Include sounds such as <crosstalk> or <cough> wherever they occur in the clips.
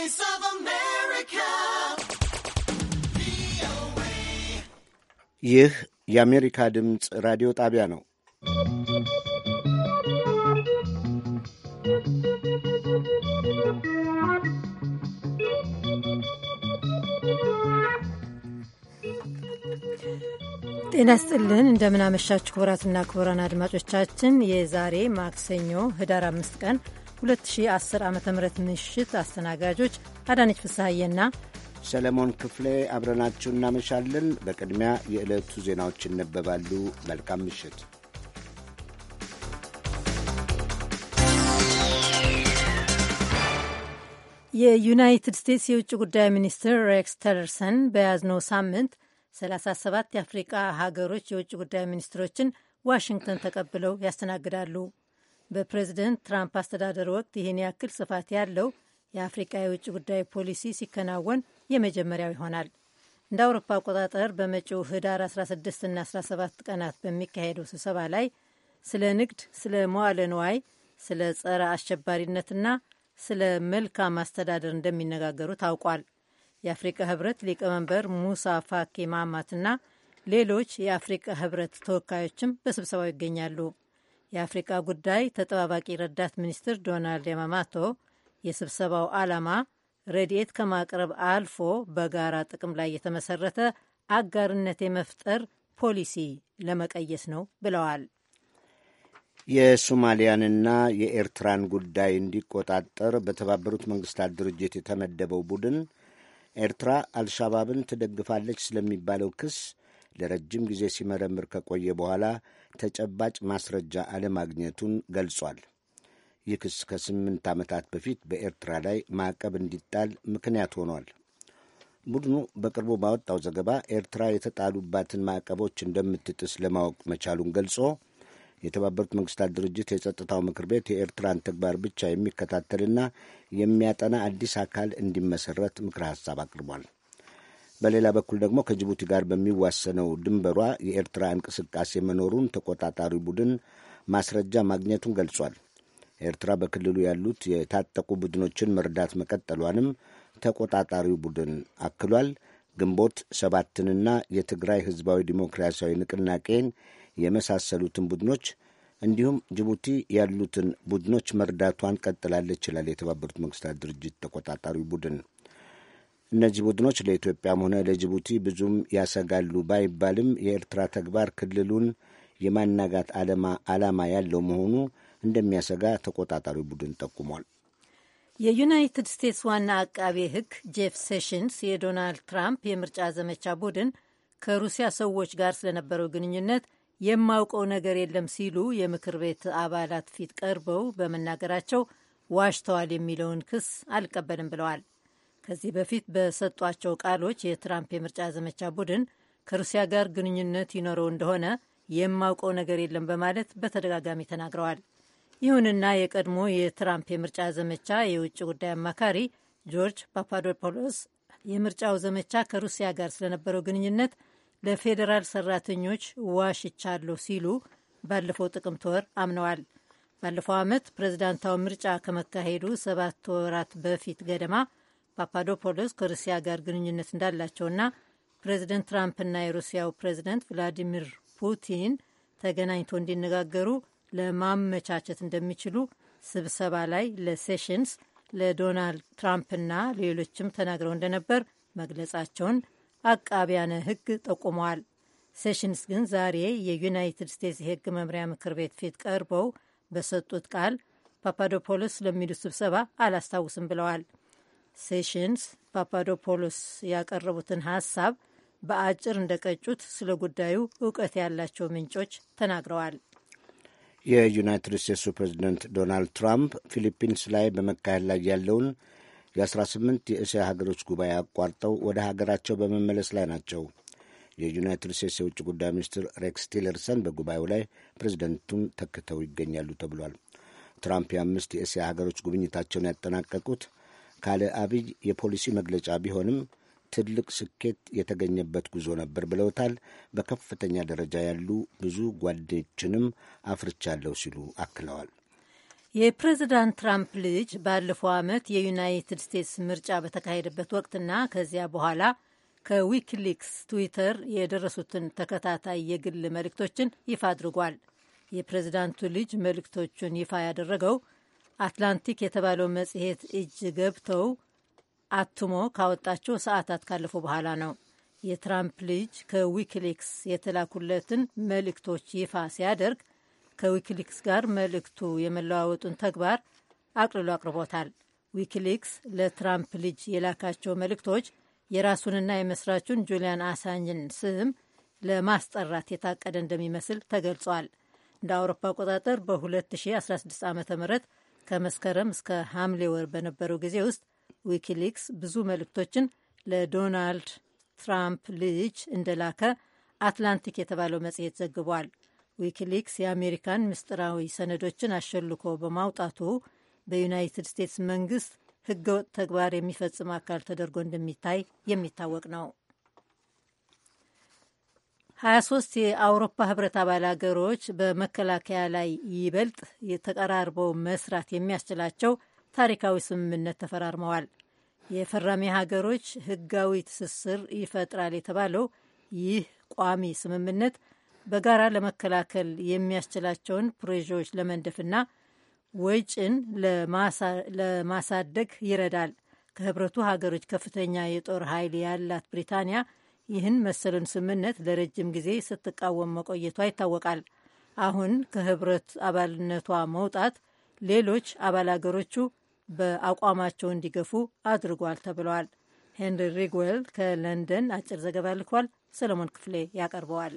Voice of America. ይህ የአሜሪካ ድምፅ ራዲዮ ጣቢያ ነው። ጤና ስጥልን እንደምናመሻችሁ ክቡራትና ክቡራን አድማጮቻችን የዛሬ ማክሰኞ ህዳር አምስት ቀን 2010 ዓ ም ምሽት አስተናጋጆች አዳነች ፍስሐዬና ሰለሞን ክፍሌ አብረናችሁ እናመሻለን። በቅድሚያ የዕለቱ ዜናዎች ይነበባሉ። መልካም ምሽት። የዩናይትድ ስቴትስ የውጭ ጉዳይ ሚኒስትር ሬክስ ቲለርሰን በያዝነው ሳምንት 37 የአፍሪቃ ሀገሮች የውጭ ጉዳይ ሚኒስትሮችን ዋሽንግተን ተቀብለው ያስተናግዳሉ። በፕሬዝደንት ትራምፕ አስተዳደር ወቅት ይህን ያክል ስፋት ያለው የአፍሪቃ የውጭ ጉዳይ ፖሊሲ ሲከናወን የመጀመሪያው ይሆናል። እንደ አውሮፓ አቆጣጠር በመጪው ህዳር 16ና 17 ቀናት በሚካሄደው ስብሰባ ላይ ስለ ንግድ፣ ስለ መዋለ ንዋይ፣ ስለ ጸረ አሸባሪነትና ስለ መልካም አስተዳደር እንደሚነጋገሩ ታውቋል። የአፍሪቃ ህብረት ሊቀመንበር ሙሳ ፋኬ ማማትና ሌሎች የአፍሪቃ ህብረት ተወካዮችም በስብሰባው ይገኛሉ። የአፍሪካ ጉዳይ ተጠባባቂ ረዳት ሚኒስትር ዶናልድ የማማቶ የስብሰባው ዓላማ ረድኤት ከማቅረብ አልፎ በጋራ ጥቅም ላይ የተመሰረተ አጋርነት የመፍጠር ፖሊሲ ለመቀየስ ነው ብለዋል። የሶማሊያንና የኤርትራን ጉዳይ እንዲቆጣጠር በተባበሩት መንግስታት ድርጅት የተመደበው ቡድን ኤርትራ አልሻባብን ትደግፋለች ስለሚባለው ክስ ለረጅም ጊዜ ሲመረምር ከቆየ በኋላ ተጨባጭ ማስረጃ አለማግኘቱን ገልጿል። ይህ ክስ ከስምንት ዓመታት በፊት በኤርትራ ላይ ማዕቀብ እንዲጣል ምክንያት ሆኗል። ቡድኑ በቅርቡ ባወጣው ዘገባ ኤርትራ የተጣሉባትን ማዕቀቦች እንደምትጥስ ለማወቅ መቻሉን ገልጾ የተባበሩት መንግስታት ድርጅት የጸጥታው ምክር ቤት የኤርትራን ተግባር ብቻ የሚከታተልና የሚያጠና አዲስ አካል እንዲመሰረት ምክረ ሀሳብ አቅርቧል። በሌላ በኩል ደግሞ ከጅቡቲ ጋር በሚዋሰነው ድንበሯ የኤርትራ እንቅስቃሴ መኖሩን ተቆጣጣሪ ቡድን ማስረጃ ማግኘቱን ገልጿል። ኤርትራ በክልሉ ያሉት የታጠቁ ቡድኖችን መርዳት መቀጠሏንም ተቆጣጣሪው ቡድን አክሏል። ግንቦት ሰባትንና የትግራይ ህዝባዊ ዲሞክራሲያዊ ንቅናቄን የመሳሰሉትን ቡድኖች እንዲሁም ጅቡቲ ያሉትን ቡድኖች መርዳቷን ቀጥላለች ይላል የተባበሩት መንግስታት ድርጅት ተቆጣጣሪ ቡድን። እነዚህ ቡድኖች ለኢትዮጵያም ሆነ ለጅቡቲ ብዙም ያሰጋሉ ባይባልም የኤርትራ ተግባር ክልሉን የማናጋት ዓላማ ያለው መሆኑ እንደሚያሰጋ ተቆጣጣሪ ቡድን ጠቁሟል። የዩናይትድ ስቴትስ ዋና አቃቤ ሕግ ጄፍ ሴሽንስ የዶናልድ ትራምፕ የምርጫ ዘመቻ ቡድን ከሩሲያ ሰዎች ጋር ስለነበረው ግንኙነት የማውቀው ነገር የለም ሲሉ የምክር ቤት አባላት ፊት ቀርበው በመናገራቸው ዋሽተዋል የሚለውን ክስ አልቀበልም ብለዋል። ከዚህ በፊት በሰጧቸው ቃሎች የትራምፕ የምርጫ ዘመቻ ቡድን ከሩሲያ ጋር ግንኙነት ይኖረው እንደሆነ የማውቀው ነገር የለም በማለት በተደጋጋሚ ተናግረዋል። ይሁንና የቀድሞ የትራምፕ የምርጫ ዘመቻ የውጭ ጉዳይ አማካሪ ጆርጅ ፓፓዶፖሎስ የምርጫው ዘመቻ ከሩሲያ ጋር ስለነበረው ግንኙነት ለፌዴራል ሰራተኞች ዋሽቻለሁ ሲሉ ባለፈው ጥቅምት ወር አምነዋል። ባለፈው ዓመት ፕሬዝዳንታዊ ምርጫ ከመካሄዱ ሰባት ወራት በፊት ገደማ ፓፓዶፖሎስ ከሩሲያ ጋር ግንኙነት እንዳላቸውና ፕሬዚደንት ትራምፕና የሩሲያው ፕሬዚደንት ቭላዲሚር ፑቲን ተገናኝቶ እንዲነጋገሩ ለማመቻቸት እንደሚችሉ ስብሰባ ላይ ለሴሽንስ ለዶናልድ ትራምፕና ሌሎችም ተናግረው እንደነበር መግለጻቸውን አቃቢያነ ሕግ ጠቁመዋል። ሴሽንስ ግን ዛሬ የዩናይትድ ስቴትስ የሕግ መምሪያ ምክር ቤት ፊት ቀርበው በሰጡት ቃል ፓፓዶፖሎስ ለሚሉ ስብሰባ አላስታውስም ብለዋል። ሴሽንስ ፓፓዶፖሎስ ያቀረቡትን ሀሳብ በአጭር እንደ ቀጩት ስለ ጉዳዩ እውቀት ያላቸው ምንጮች ተናግረዋል። የዩናይትድ ስቴትሱ ፕሬዚደንት ዶናልድ ትራምፕ ፊሊፒንስ ላይ በመካሄድ ላይ ያለውን የ18 የእስያ ሀገሮች ጉባኤ አቋርጠው ወደ ሀገራቸው በመመለስ ላይ ናቸው። የዩናይትድ ስቴትስ የውጭ ጉዳይ ሚኒስትር ሬክስ ቲለርሰን በጉባኤው ላይ ፕሬዚደንቱን ተክተው ይገኛሉ ተብሏል። ትራምፕ የአምስት የእስያ ሀገሮች ጉብኝታቸውን ያጠናቀቁት ካለ አብይ የፖሊሲ መግለጫ ቢሆንም ትልቅ ስኬት የተገኘበት ጉዞ ነበር ብለውታል። በከፍተኛ ደረጃ ያሉ ብዙ ጓደኞችንም አፍርቻለሁ ሲሉ አክለዋል። የፕሬዚዳንት ትራምፕ ልጅ ባለፈው ዓመት የዩናይትድ ስቴትስ ምርጫ በተካሄደበት ወቅትና ከዚያ በኋላ ከዊኪሊክስ ትዊተር የደረሱትን ተከታታይ የግል መልእክቶችን ይፋ አድርጓል። የፕሬዚዳንቱ ልጅ መልእክቶቹን ይፋ ያደረገው አትላንቲክ የተባለው መጽሔት እጅ ገብተው አትሞ ካወጣቸው ሰዓታት ካለፉ በኋላ ነው። የትራምፕ ልጅ ከዊኪሊክስ የተላኩለትን መልእክቶች ይፋ ሲያደርግ ከዊኪሊክስ ጋር መልእክቱ የመለዋወጡን ተግባር አቅልሎ አቅርቦታል። ዊኪሊክስ ለትራምፕ ልጅ የላካቸው መልእክቶች የራሱንና የመስራቹን ጁሊያን አሳንጅን ስም ለማስጠራት የታቀደ እንደሚመስል ተገልጿል። እንደ አውሮፓ አቆጣጠር በ2016 ዓ ም ከመስከረም እስከ ሐምሌ ወር በነበረው ጊዜ ውስጥ ዊኪሊክስ ብዙ መልእክቶችን ለዶናልድ ትራምፕ ልጅ እንደላከ አትላንቲክ የተባለው መጽሔት ዘግቧል። ዊኪሊክስ የአሜሪካን ምስጢራዊ ሰነዶችን አሸልኮ በማውጣቱ በዩናይትድ ስቴትስ መንግስት ህገወጥ ተግባር የሚፈጽም አካል ተደርጎ እንደሚታይ የሚታወቅ ነው። 23 የአውሮፓ ህብረት አባል ሀገሮች በመከላከያ ላይ ይበልጥ ተቀራርበው መስራት የሚያስችላቸው ታሪካዊ ስምምነት ተፈራርመዋል። የፈራሚ ሀገሮች ህጋዊ ትስስር ይፈጥራል የተባለው ይህ ቋሚ ስምምነት በጋራ ለመከላከል የሚያስችላቸውን ፕሮጀክቶች ለመንደፍና ወጭን ለማሳደግ ይረዳል። ከህብረቱ ሀገሮች ከፍተኛ የጦር ኃይል ያላት ብሪታንያ ይህን መሰሉን ስምምነት ለረጅም ጊዜ ስትቃወም መቆየቷ ይታወቃል። አሁን ከህብረት አባልነቷ መውጣት ሌሎች አባል አገሮቹ በአቋማቸው እንዲገፉ አድርጓል ተብለዋል። ሄንሪ ሪግዌል ከለንደን አጭር ዘገባ ልኳል። ሰለሞን ክፍሌ ያቀርበዋል።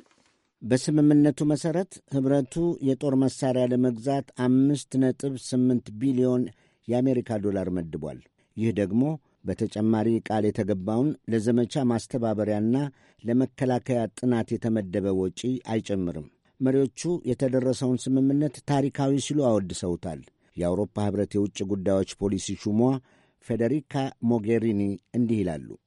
በስምምነቱ መሠረት ኅብረቱ የጦር መሣሪያ ለመግዛት አምስት ነጥብ ስምንት ቢሊዮን የአሜሪካ ዶላር መድቧል። ይህ ደግሞ በተጨማሪ ቃል የተገባውን ለዘመቻ ማስተባበሪያና ለመከላከያ ጥናት የተመደበ ወጪ አይጨምርም። መሪዎቹ የተደረሰውን ስምምነት ታሪካዊ ሲሉ አወድሰውታል። የአውሮፓ ኅብረት የውጭ ጉዳዮች ፖሊሲ ሹሟ ፌዴሪካ ሞጌሪኒ እንዲህ ይላሉ። uh,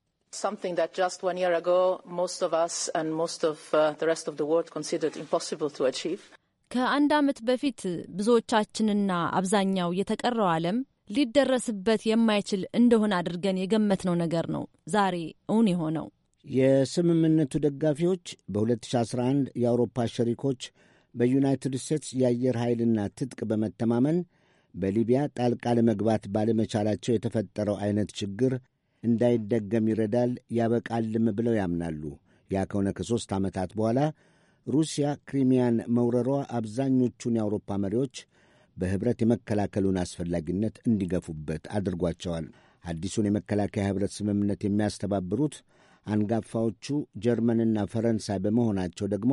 ከአንድ ዓመት በፊት ብዙዎቻችንና አብዛኛው የተቀረው ዓለም ሊደረስበት የማይችል እንደሆነ አድርገን የገመትነው ነገር ነው ዛሬ እውን የሆነው። የስምምነቱ ደጋፊዎች በ2011 የአውሮፓ ሸሪኮች በዩናይትድ ስቴትስ የአየር ኃይልና ትጥቅ በመተማመን በሊቢያ ጣልቃ ለመግባት ባለመቻላቸው የተፈጠረው አይነት ችግር እንዳይደገም ይረዳል፣ ያበቃልም ብለው ያምናሉ። ያ ከሆነ ከሦስት ዓመታት በኋላ ሩሲያ ክሪሚያን መውረሯ አብዛኞቹን የአውሮፓ መሪዎች በኅብረት የመከላከሉን አስፈላጊነት እንዲገፉበት አድርጓቸዋል። አዲሱን የመከላከያ ኅብረት ስምምነት የሚያስተባብሩት አንጋፋዎቹ ጀርመንና ፈረንሳይ በመሆናቸው ደግሞ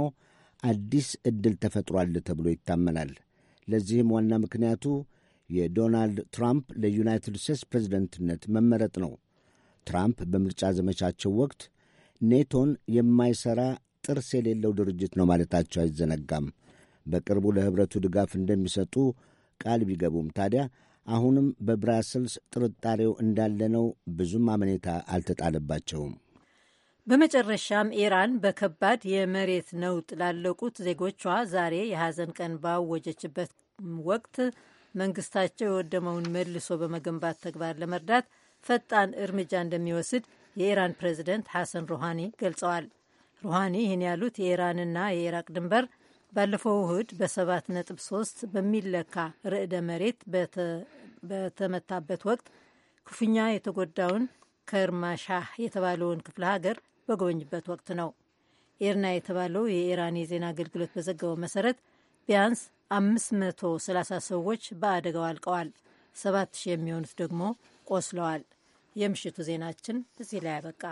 አዲስ ዕድል ተፈጥሯል ተብሎ ይታመናል። ለዚህም ዋና ምክንያቱ የዶናልድ ትራምፕ ለዩናይትድ ስቴትስ ፕሬዝደንትነት መመረጥ ነው። ትራምፕ በምርጫ ዘመቻቸው ወቅት ኔቶን የማይሠራ ጥርስ የሌለው ድርጅት ነው ማለታቸው አይዘነጋም። በቅርቡ ለኅብረቱ ድጋፍ እንደሚሰጡ ቃል ቢገቡም ታዲያ አሁንም በብራስልስ ጥርጣሬው እንዳለ ነው። ብዙም አመኔታ አልተጣለባቸውም። በመጨረሻም ኢራን በከባድ የመሬት ነውጥ ላለቁት ዜጎቿ ዛሬ የሐዘን ቀን ባወጀችበት ወቅት መንግስታቸው የወደመውን መልሶ በመገንባት ተግባር ለመርዳት ፈጣን እርምጃ እንደሚወስድ የኢራን ፕሬዚደንት ሐሰን ሩሃኒ ገልጸዋል። ሩሃኒ ይህን ያሉት የኢራንና የኢራቅ ድንበር ባለፈው እሁድ በ ሶስት በሚለካ ርዕደ መሬት በተመታበት ወቅት ክፉኛ የተጎዳውን ከርማሻህ የተባለውን ክፍለ ሀገር በጎበኝበት ወቅት ነው። ኤርና የተባለው የኢራን የዜና አገልግሎት በዘገበው መሰረት ቢያንስ 530 ሰዎች በአደጋው አልቀዋል፣ 7000 የሚሆኑት ደግሞ ቆስለዋል። የምሽቱ ዜናችን እዚህ ላይ ያበቃ።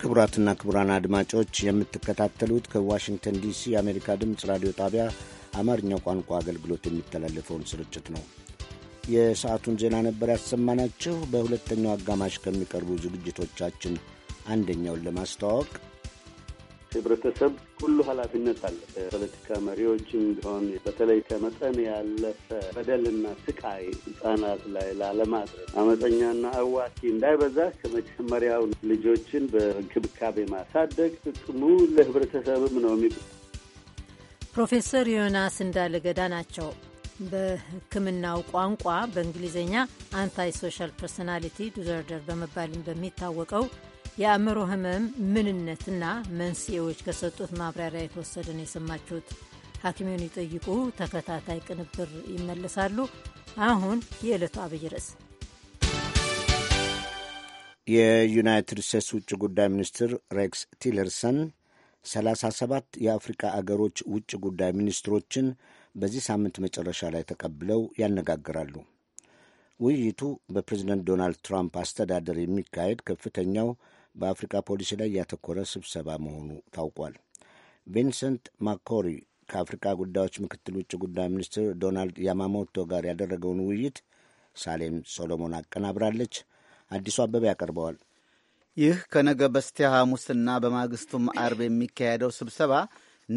ክቡራትና ክቡራን አድማጮች የምትከታተሉት ከዋሽንግተን ዲሲ የአሜሪካ ድምፅ ራዲዮ ጣቢያ አማርኛው ቋንቋ አገልግሎት የሚተላለፈውን ስርጭት ነው። የሰዓቱን ዜና ነበር ያሰማናችሁ። በሁለተኛው አጋማሽ ከሚቀርቡ ዝግጅቶቻችን አንደኛውን ለማስተዋወቅ ህብረተሰብ ሁሉ ኃላፊነት አለ። የፖለቲካ መሪዎችም ቢሆን በተለይ ከመጠን ያለፈ በደልና ስቃይ ህጻናት ላይ ላለማድረግ አመፀኛና አዋኪ እንዳይበዛ ከመጀመሪያው ልጆችን በእንክብካቤ ማሳደግ ጥቅሙ ለህብረተሰብም ነው የሚሉ ፕሮፌሰር ዮናስ እንዳለገዳ ናቸው። በህክምናው ቋንቋ በእንግሊዝኛ አንታይ ሶሻል ፐርሶናሊቲ ዲዞርደር በመባልም በሚታወቀው የአእምሮ ህመም ምንነትና መንስኤዎች ከሰጡት ማብራሪያ የተወሰደ ነው የሰማችሁት። ሐኪሜውን ይጠይቁ ተከታታይ ቅንብር ይመለሳሉ። አሁን የዕለቱ አብይ ርዕስ የዩናይትድ ስቴትስ ውጭ ጉዳይ ሚኒስትር ሬክስ ቲለርሰን ሰላሳ የአፍሪካ አገሮች ውጭ ጉዳይ ሚኒስትሮችን በዚህ ሳምንት መጨረሻ ላይ ተቀብለው ያነጋግራሉ። ውይይቱ በፕሬዝደንት ዶናልድ ትራምፕ አስተዳደር የሚካሄድ ከፍተኛው በአፍሪካ ፖሊሲ ላይ ያተኮረ ስብሰባ መሆኑ ታውቋል። ቪንሰንት ማኮሪ ከአፍሪካ ጉዳዮች ምክትል ውጭ ጉዳይ ሚኒስትር ዶናልድ ያማሞቶ ጋር ያደረገውን ውይይት ሳሌም ሶሎሞን አቀናብራለች። አዲሱ አበበ ያቀርበዋል። ይህ ከነገ በስቲያ ሐሙስና በማግስቱም አርብ የሚካሄደው ስብሰባ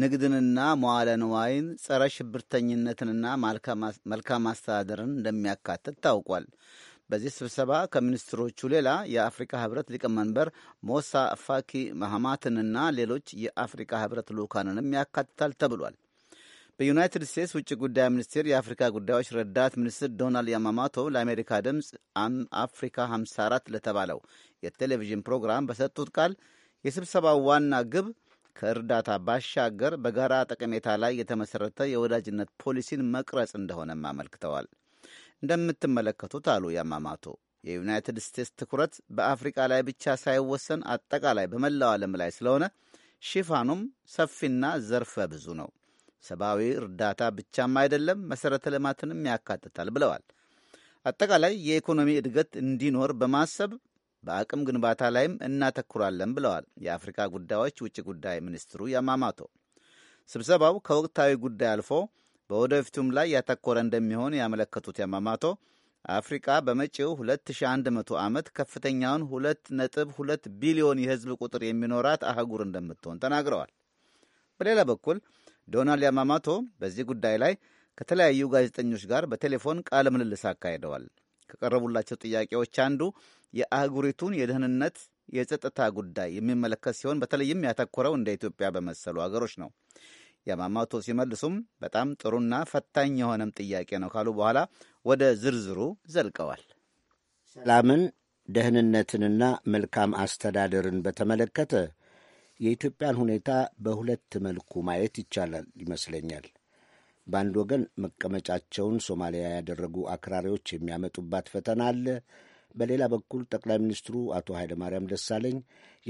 ንግድንና መዋለ ንዋይን፣ ጸረ ሽብርተኝነትንና መልካም አስተዳደርን እንደሚያካትት ታውቋል። በዚህ ስብሰባ ከሚኒስትሮቹ ሌላ የአፍሪካ ህብረት ሊቀመንበር ሞሳ ፋኪ መሐማትንና ሌሎች የአፍሪካ ህብረት ልዑካንንም ያካትታል ተብሏል። በዩናይትድ ስቴትስ ውጭ ጉዳይ ሚኒስቴር የአፍሪካ ጉዳዮች ረዳት ሚኒስትር ዶናልድ ያማማቶ ለአሜሪካ ድምፅ አፍሪካ 54 ለተባለው የቴሌቪዥን ፕሮግራም በሰጡት ቃል የስብሰባው ዋና ግብ ከእርዳታ ባሻገር በጋራ ጠቀሜታ ላይ የተመሠረተ የወዳጅነት ፖሊሲን መቅረጽ እንደሆነም አመልክተዋል። እንደምትመለከቱት አሉ ያማማቶ። የዩናይትድ ስቴትስ ትኩረት በአፍሪቃ ላይ ብቻ ሳይወሰን አጠቃላይ በመላው ዓለም ላይ ስለሆነ ሽፋኑም ሰፊና ዘርፈ ብዙ ነው። ሰብአዊ እርዳታ ብቻም አይደለም፣ መሠረተ ልማትንም ያካትታል ብለዋል። አጠቃላይ የኢኮኖሚ እድገት እንዲኖር በማሰብ በአቅም ግንባታ ላይም እናተኩራለን ብለዋል የአፍሪካ ጉዳዮች ውጭ ጉዳይ ሚኒስትሩ ያማማቶ። ስብሰባው ከወቅታዊ ጉዳይ አልፎ በወደፊቱም ላይ ያተኮረ እንደሚሆን ያመለከቱት ያማማቶ አፍሪቃ በመጪው 2100 ዓመት ከፍተኛውን 2.2 ቢሊዮን የህዝብ ቁጥር የሚኖራት አህጉር እንደምትሆን ተናግረዋል። በሌላ በኩል ዶናልድ ያማማቶ በዚህ ጉዳይ ላይ ከተለያዩ ጋዜጠኞች ጋር በቴሌፎን ቃለ ምልልስ አካሂደዋል። ከቀረቡላቸው ጥያቄዎች አንዱ የአህጉሪቱን የደህንነት፣ የጸጥታ ጉዳይ የሚመለከት ሲሆን በተለይም ያተኮረው እንደ ኢትዮጵያ በመሰሉ አገሮች ነው። ያማማቶ ሲመልሱም በጣም ጥሩና ፈታኝ የሆነም ጥያቄ ነው ካሉ በኋላ ወደ ዝርዝሩ ዘልቀዋል። ሰላምን፣ ደህንነትንና መልካም አስተዳደርን በተመለከተ የኢትዮጵያን ሁኔታ በሁለት መልኩ ማየት ይቻላል ይመስለኛል። በአንድ ወገን መቀመጫቸውን ሶማሊያ ያደረጉ አክራሪዎች የሚያመጡባት ፈተና አለ። በሌላ በኩል ጠቅላይ ሚኒስትሩ አቶ ኃይለማርያም ደሳለኝ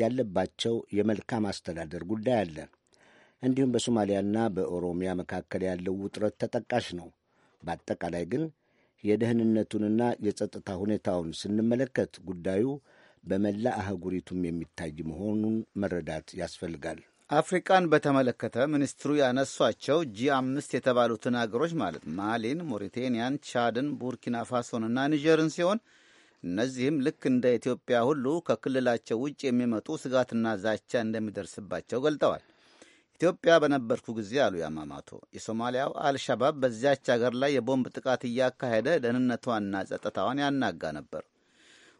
ያለባቸው የመልካም አስተዳደር ጉዳይ አለ። እንዲሁም በሶማሊያና በኦሮሚያ መካከል ያለው ውጥረት ተጠቃሽ ነው። በአጠቃላይ ግን የደህንነቱንና የጸጥታ ሁኔታውን ስንመለከት ጉዳዩ በመላ አህጉሪቱም የሚታይ መሆኑን መረዳት ያስፈልጋል። አፍሪቃን በተመለከተ ሚኒስትሩ ያነሷቸው ጂ አምስት የተባሉትን አገሮች ማለት ማሊን፣ ሞሪቴኒያን፣ ቻድን፣ ቡርኪና ፋሶንና ኒጀርን ሲሆን እነዚህም ልክ እንደ ኢትዮጵያ ሁሉ ከክልላቸው ውጭ የሚመጡ ስጋትና ዛቻ እንደሚደርስባቸው ገልጠዋል። ኢትዮጵያ በነበርኩ ጊዜ አሉ ያማማቶ የሶማሊያው አልሻባብ በዚያች አገር ላይ የቦምብ ጥቃት እያካሄደ ደህንነቷንና ጸጥታዋን ያናጋ ነበር።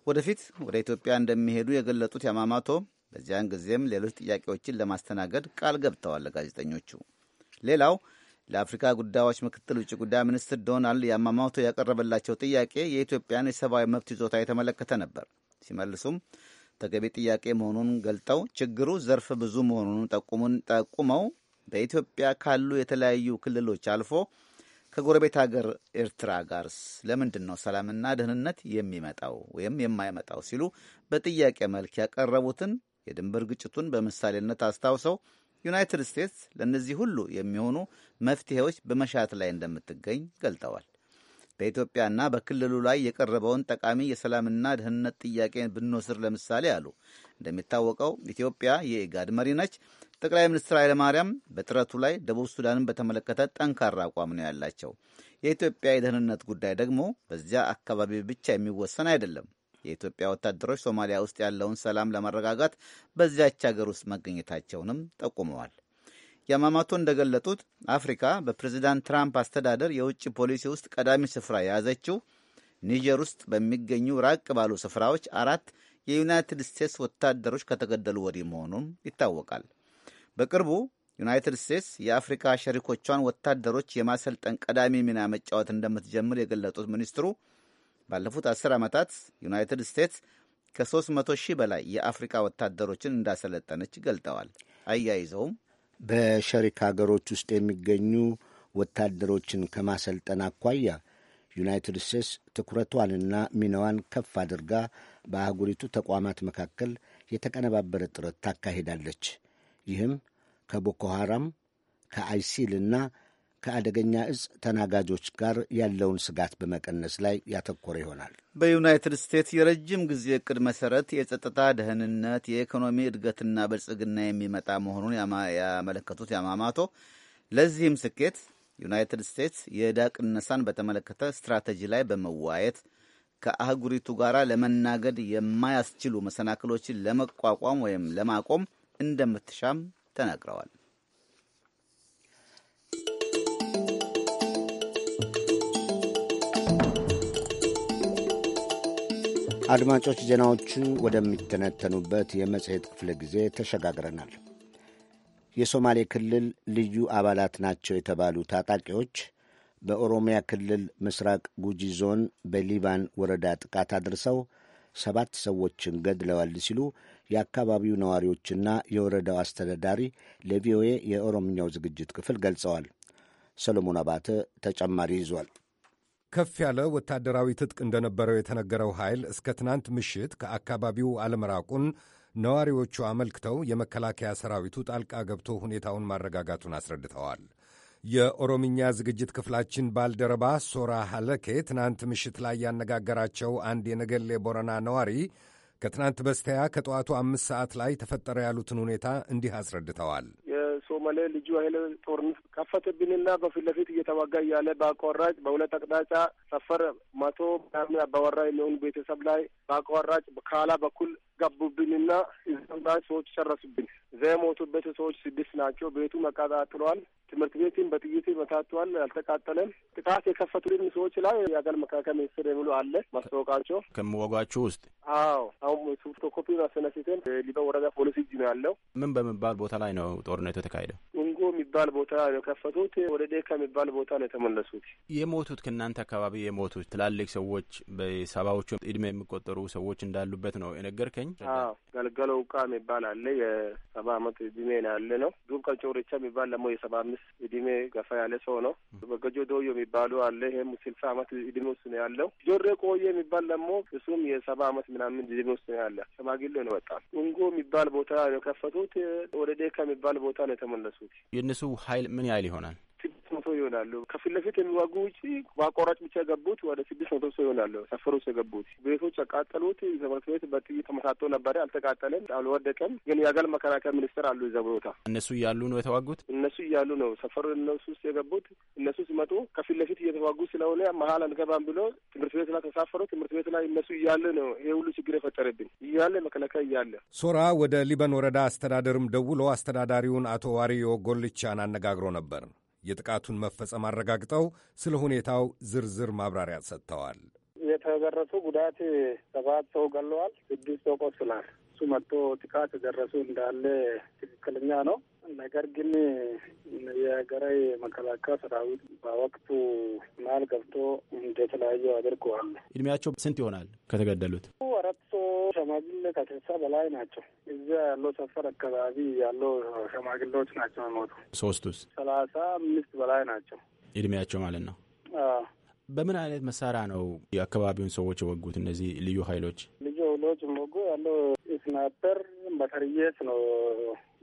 ወደፊት ወደ ኢትዮጵያ እንደሚሄዱ የገለጡት ያማማቶ በዚያን ጊዜም ሌሎች ጥያቄዎችን ለማስተናገድ ቃል ገብተዋል ለጋዜጠኞቹ። ሌላው ለአፍሪካ ጉዳዮች ምክትል ውጭ ጉዳይ ሚኒስትር ዶናልድ ያማማቶ ያቀረበላቸው ጥያቄ የኢትዮጵያን የሰብአዊ መብት ይዞታ የተመለከተ ነበር። ሲመልሱም ተገቢ ጥያቄ መሆኑን ገልጠው ችግሩ ዘርፍ ብዙ መሆኑን ጠቁመው በኢትዮጵያ ካሉ የተለያዩ ክልሎች አልፎ ከጎረቤት ሀገር ኤርትራ ጋርስ ለምንድን ነው ሰላምና ደህንነት የሚመጣው ወይም የማይመጣው ሲሉ በጥያቄ መልክ ያቀረቡትን የድንበር ግጭቱን በምሳሌነት አስታውሰው ዩናይትድ ስቴትስ ለእነዚህ ሁሉ የሚሆኑ መፍትሄዎች በመሻት ላይ እንደምትገኝ ገልጠዋል። በኢትዮጵያና በክልሉ ላይ የቀረበውን ጠቃሚ የሰላምና ደህንነት ጥያቄ ብንወስድ ለምሳሌ አሉ። እንደሚታወቀው ኢትዮጵያ የኢጋድ መሪ ነች። ጠቅላይ ሚኒስትር ኃይለማርያም በጥረቱ ላይ ደቡብ ሱዳንን በተመለከተ ጠንካራ አቋም ነው ያላቸው። የኢትዮጵያ የደህንነት ጉዳይ ደግሞ በዚያ አካባቢ ብቻ የሚወሰን አይደለም። የኢትዮጵያ ወታደሮች ሶማሊያ ውስጥ ያለውን ሰላም ለማረጋጋት በዚያች ሀገር ውስጥ መገኘታቸውንም ጠቁመዋል። ያማማቶ እንደገለጡት አፍሪካ በፕሬዚዳንት ትራምፕ አስተዳደር የውጭ ፖሊሲ ውስጥ ቀዳሚ ስፍራ የያዘችው ኒጀር ውስጥ በሚገኙ ራቅ ባሉ ስፍራዎች አራት የዩናይትድ ስቴትስ ወታደሮች ከተገደሉ ወዲህ መሆኑን ይታወቃል። በቅርቡ ዩናይትድ ስቴትስ የአፍሪካ ሸሪኮቿን ወታደሮች የማሰልጠን ቀዳሚ ሚና መጫወት እንደምትጀምር የገለጡት ሚኒስትሩ ባለፉት አስር ዓመታት ዩናይትድ ስቴትስ ከ300 ሺህ በላይ የአፍሪካ ወታደሮችን እንዳሰለጠነች ገልጠዋል። አያይዘውም በሸሪክ ሀገሮች ውስጥ የሚገኙ ወታደሮችን ከማሰልጠን አኳያ ዩናይትድ ስቴትስ ትኩረቷንና ሚናዋን ከፍ አድርጋ በአህጉሪቱ ተቋማት መካከል የተቀነባበረ ጥረት ታካሂዳለች። ይህም ከቦኮ ሐራም ከአይሲልና ከአደገኛ እጽ ተናጋጆች ጋር ያለውን ስጋት በመቀነስ ላይ ያተኮረ ይሆናል። በዩናይትድ ስቴትስ የረጅም ጊዜ እቅድ መሰረት የጸጥታ ደህንነት፣ የኢኮኖሚ እድገትና ብልጽግና የሚመጣ መሆኑን ያመለከቱት ያማማቶ ለዚህም ስኬት ዩናይትድ ስቴትስ የዕዳ ቅነሳን በተመለከተ ስትራቴጂ ላይ በመወያየት ከአህጉሪቱ ጋር ለመናገድ የማያስችሉ መሰናክሎችን ለመቋቋም ወይም ለማቆም እንደምትሻም ተናግረዋል። አድማጮች ዜናዎቹ ወደሚተነተኑበት የመጽሔት ክፍለ ጊዜ ተሸጋግረናል። የሶማሌ ክልል ልዩ አባላት ናቸው የተባሉ ታጣቂዎች በኦሮሚያ ክልል ምስራቅ ጉጂ ዞን በሊባን ወረዳ ጥቃት አድርሰው ሰባት ሰዎችን ገድለዋል ሲሉ የአካባቢው ነዋሪዎችና የወረዳው አስተዳዳሪ ለቪኦኤ የኦሮምኛው ዝግጅት ክፍል ገልጸዋል። ሰሎሞን አባተ ተጨማሪ ይዟል። ከፍ ያለ ወታደራዊ ትጥቅ እንደነበረው የተነገረው ኃይል እስከ ትናንት ምሽት ከአካባቢው አለመራቁን ነዋሪዎቹ አመልክተው የመከላከያ ሰራዊቱ ጣልቃ ገብቶ ሁኔታውን ማረጋጋቱን አስረድተዋል። የኦሮምኛ ዝግጅት ክፍላችን ባልደረባ ሶራ ሀለኬ ትናንት ምሽት ላይ ያነጋገራቸው አንድ የነገሌ ቦረና ነዋሪ ከትናንት በስቲያ ከጠዋቱ አምስት ሰዓት ላይ ተፈጠረ ያሉትን ሁኔታ እንዲህ አስረድተዋል። ሶማሌ ልጁ ኃይል ጦርነት ከፈተብንና በፊት ለፊት እየተዋጋ እያለ በአቋራጭ በሁለት አቅጣጫ ሰፈር መቶ ምናምን አባወራ የሚሆኑ ቤተሰብ ላይ በአቋራጭ ከኋላ በኩል ገቡብንና እዛም ላይ ሰዎች ጨረሱብን። እዛ የሞቱበት ሰዎች ስድስት ናቸው። ቤቱ መቃጣጥሏል። ትምህርት ቤትም በጥይት መታቷል። አልተቃጠለም። ጥቃት የከፈቱልን ሰዎች ላይ የአገር መከላከያ ሚኒስትር የሚሉ አለ ማስታወቃቸው ከምዋጓችሁ ውስጥ አዎ፣ አሁን ፎቶኮፒ ማሰነሴቴን ሊበ ወረዳ ፖሊስ እጅ ነው ያለው። ምን በመባል ቦታ ላይ ነው ጦርነቱ የተካሄደ? የሄደው? ኢንጎ የሚባል ቦታ ነው የከፈቱት። ወደ ደካ የሚባል ቦታ ነው የተመለሱት። የሞቱት ከእናንተ አካባቢ የሞቱት ትላልቅ ሰዎች በሰባዎቹ እድሜ የሚቆጠሩ ሰዎች እንዳሉበት ነው የነገርከኝ። ገልገሎ ውቃ የሚባል አለ የሰባ አመት እድሜ ያለ ነው። ዱብ ቀንጮሪቻ የሚባል ደግሞ የሰባ አምስት እድሜ ገፋ ያለ ሰው ነው። በገጆ ዶዮ የሚባሉ አለ። ይህም ስልሳ አመት እድሜ ውስጥ ነው ያለው። ጆሬ ቆየ የሚባል ደግሞ እሱም የሰባ አመት ምናምን እድሜ ውስጥ ነው ያለ። ሽማግሌ ነው በጣም። ኢንጎ የሚባል ቦታ ነው የከፈቱት። ወደ ደካ የሚባል ቦታ ነው የተመለሱት። የእነሱ ኃይል ምን ያህል ይሆናል? ስድስት መቶ ይሆናሉ። ከፊት ለፊት የሚዋጉ ውጭ በአቋራጭ ብቻ የገቡት ወደ ስድስት መቶ ሰው ይሆናሉ። ሰፈር ውስጥ የገቡት ቤቶች ያቃጠሉት ትምህርት ቤት በጥይት ተመታቶ ነበረ። አልተቃጠለም፣ አልወደቀም። ግን የአገር መከላከያ ሚኒስቴር አሉ እዛ ቦታ እነሱ እያሉ ነው የተዋጉት። እነሱ እያሉ ነው ሰፈር እነሱ ውስጥ የገቡት። እነሱ ሲመጡ ከፊት ለፊት እየተዋጉ ስለሆነ መሀል አንገባም ብሎ ትምህርት ቤት ላይ ተሳፈሩ። ትምህርት ቤት ላይ እነሱ እያለ ነው ይሄ ሁሉ ችግር የፈጠረብን እያለ መከላከያ እያለ ሶራ ወደ ሊበን ወረዳ አስተዳደርም ደውሎ አስተዳዳሪውን አቶ ዋሪዮ ጎልቻን አነጋግሮ ነበር። የጥቃቱን መፈጸም አረጋግጠው ስለ ሁኔታው ዝርዝር ማብራሪያ ሰጥተዋል። የተደረሱ ጉዳት ሰባት ሰው ገለዋል፣ ስድስት ሰው ቆስሏል። መጥቶ ጥቃት ደረሱ እንዳለ ትክክለኛ ነው። ነገር ግን የሀገራዊ መከላከያ ሰራዊት በወቅቱ ማል ገብቶ እንደተለያዩ አድርገዋል። እድሜያቸው ስንት ይሆናል ከተገደሉት? አራት ሰው ሸማግሌ ከስልሳ በላይ ናቸው። እዚያ ያለው ሰፈር አካባቢ ያለው ሸማግሌዎች ናቸው የሞቱ። ሶስቱስ ሰላሳ አምስት በላይ ናቸው እድሜያቸው ማለት ነው። በምን አይነት መሳሪያ ነው የአካባቢውን ሰዎች የወጉት? እነዚህ ልዩ ኃይሎች ልዩ ኃይሎች ወጉ ያለው ነበር። በተርየት ነው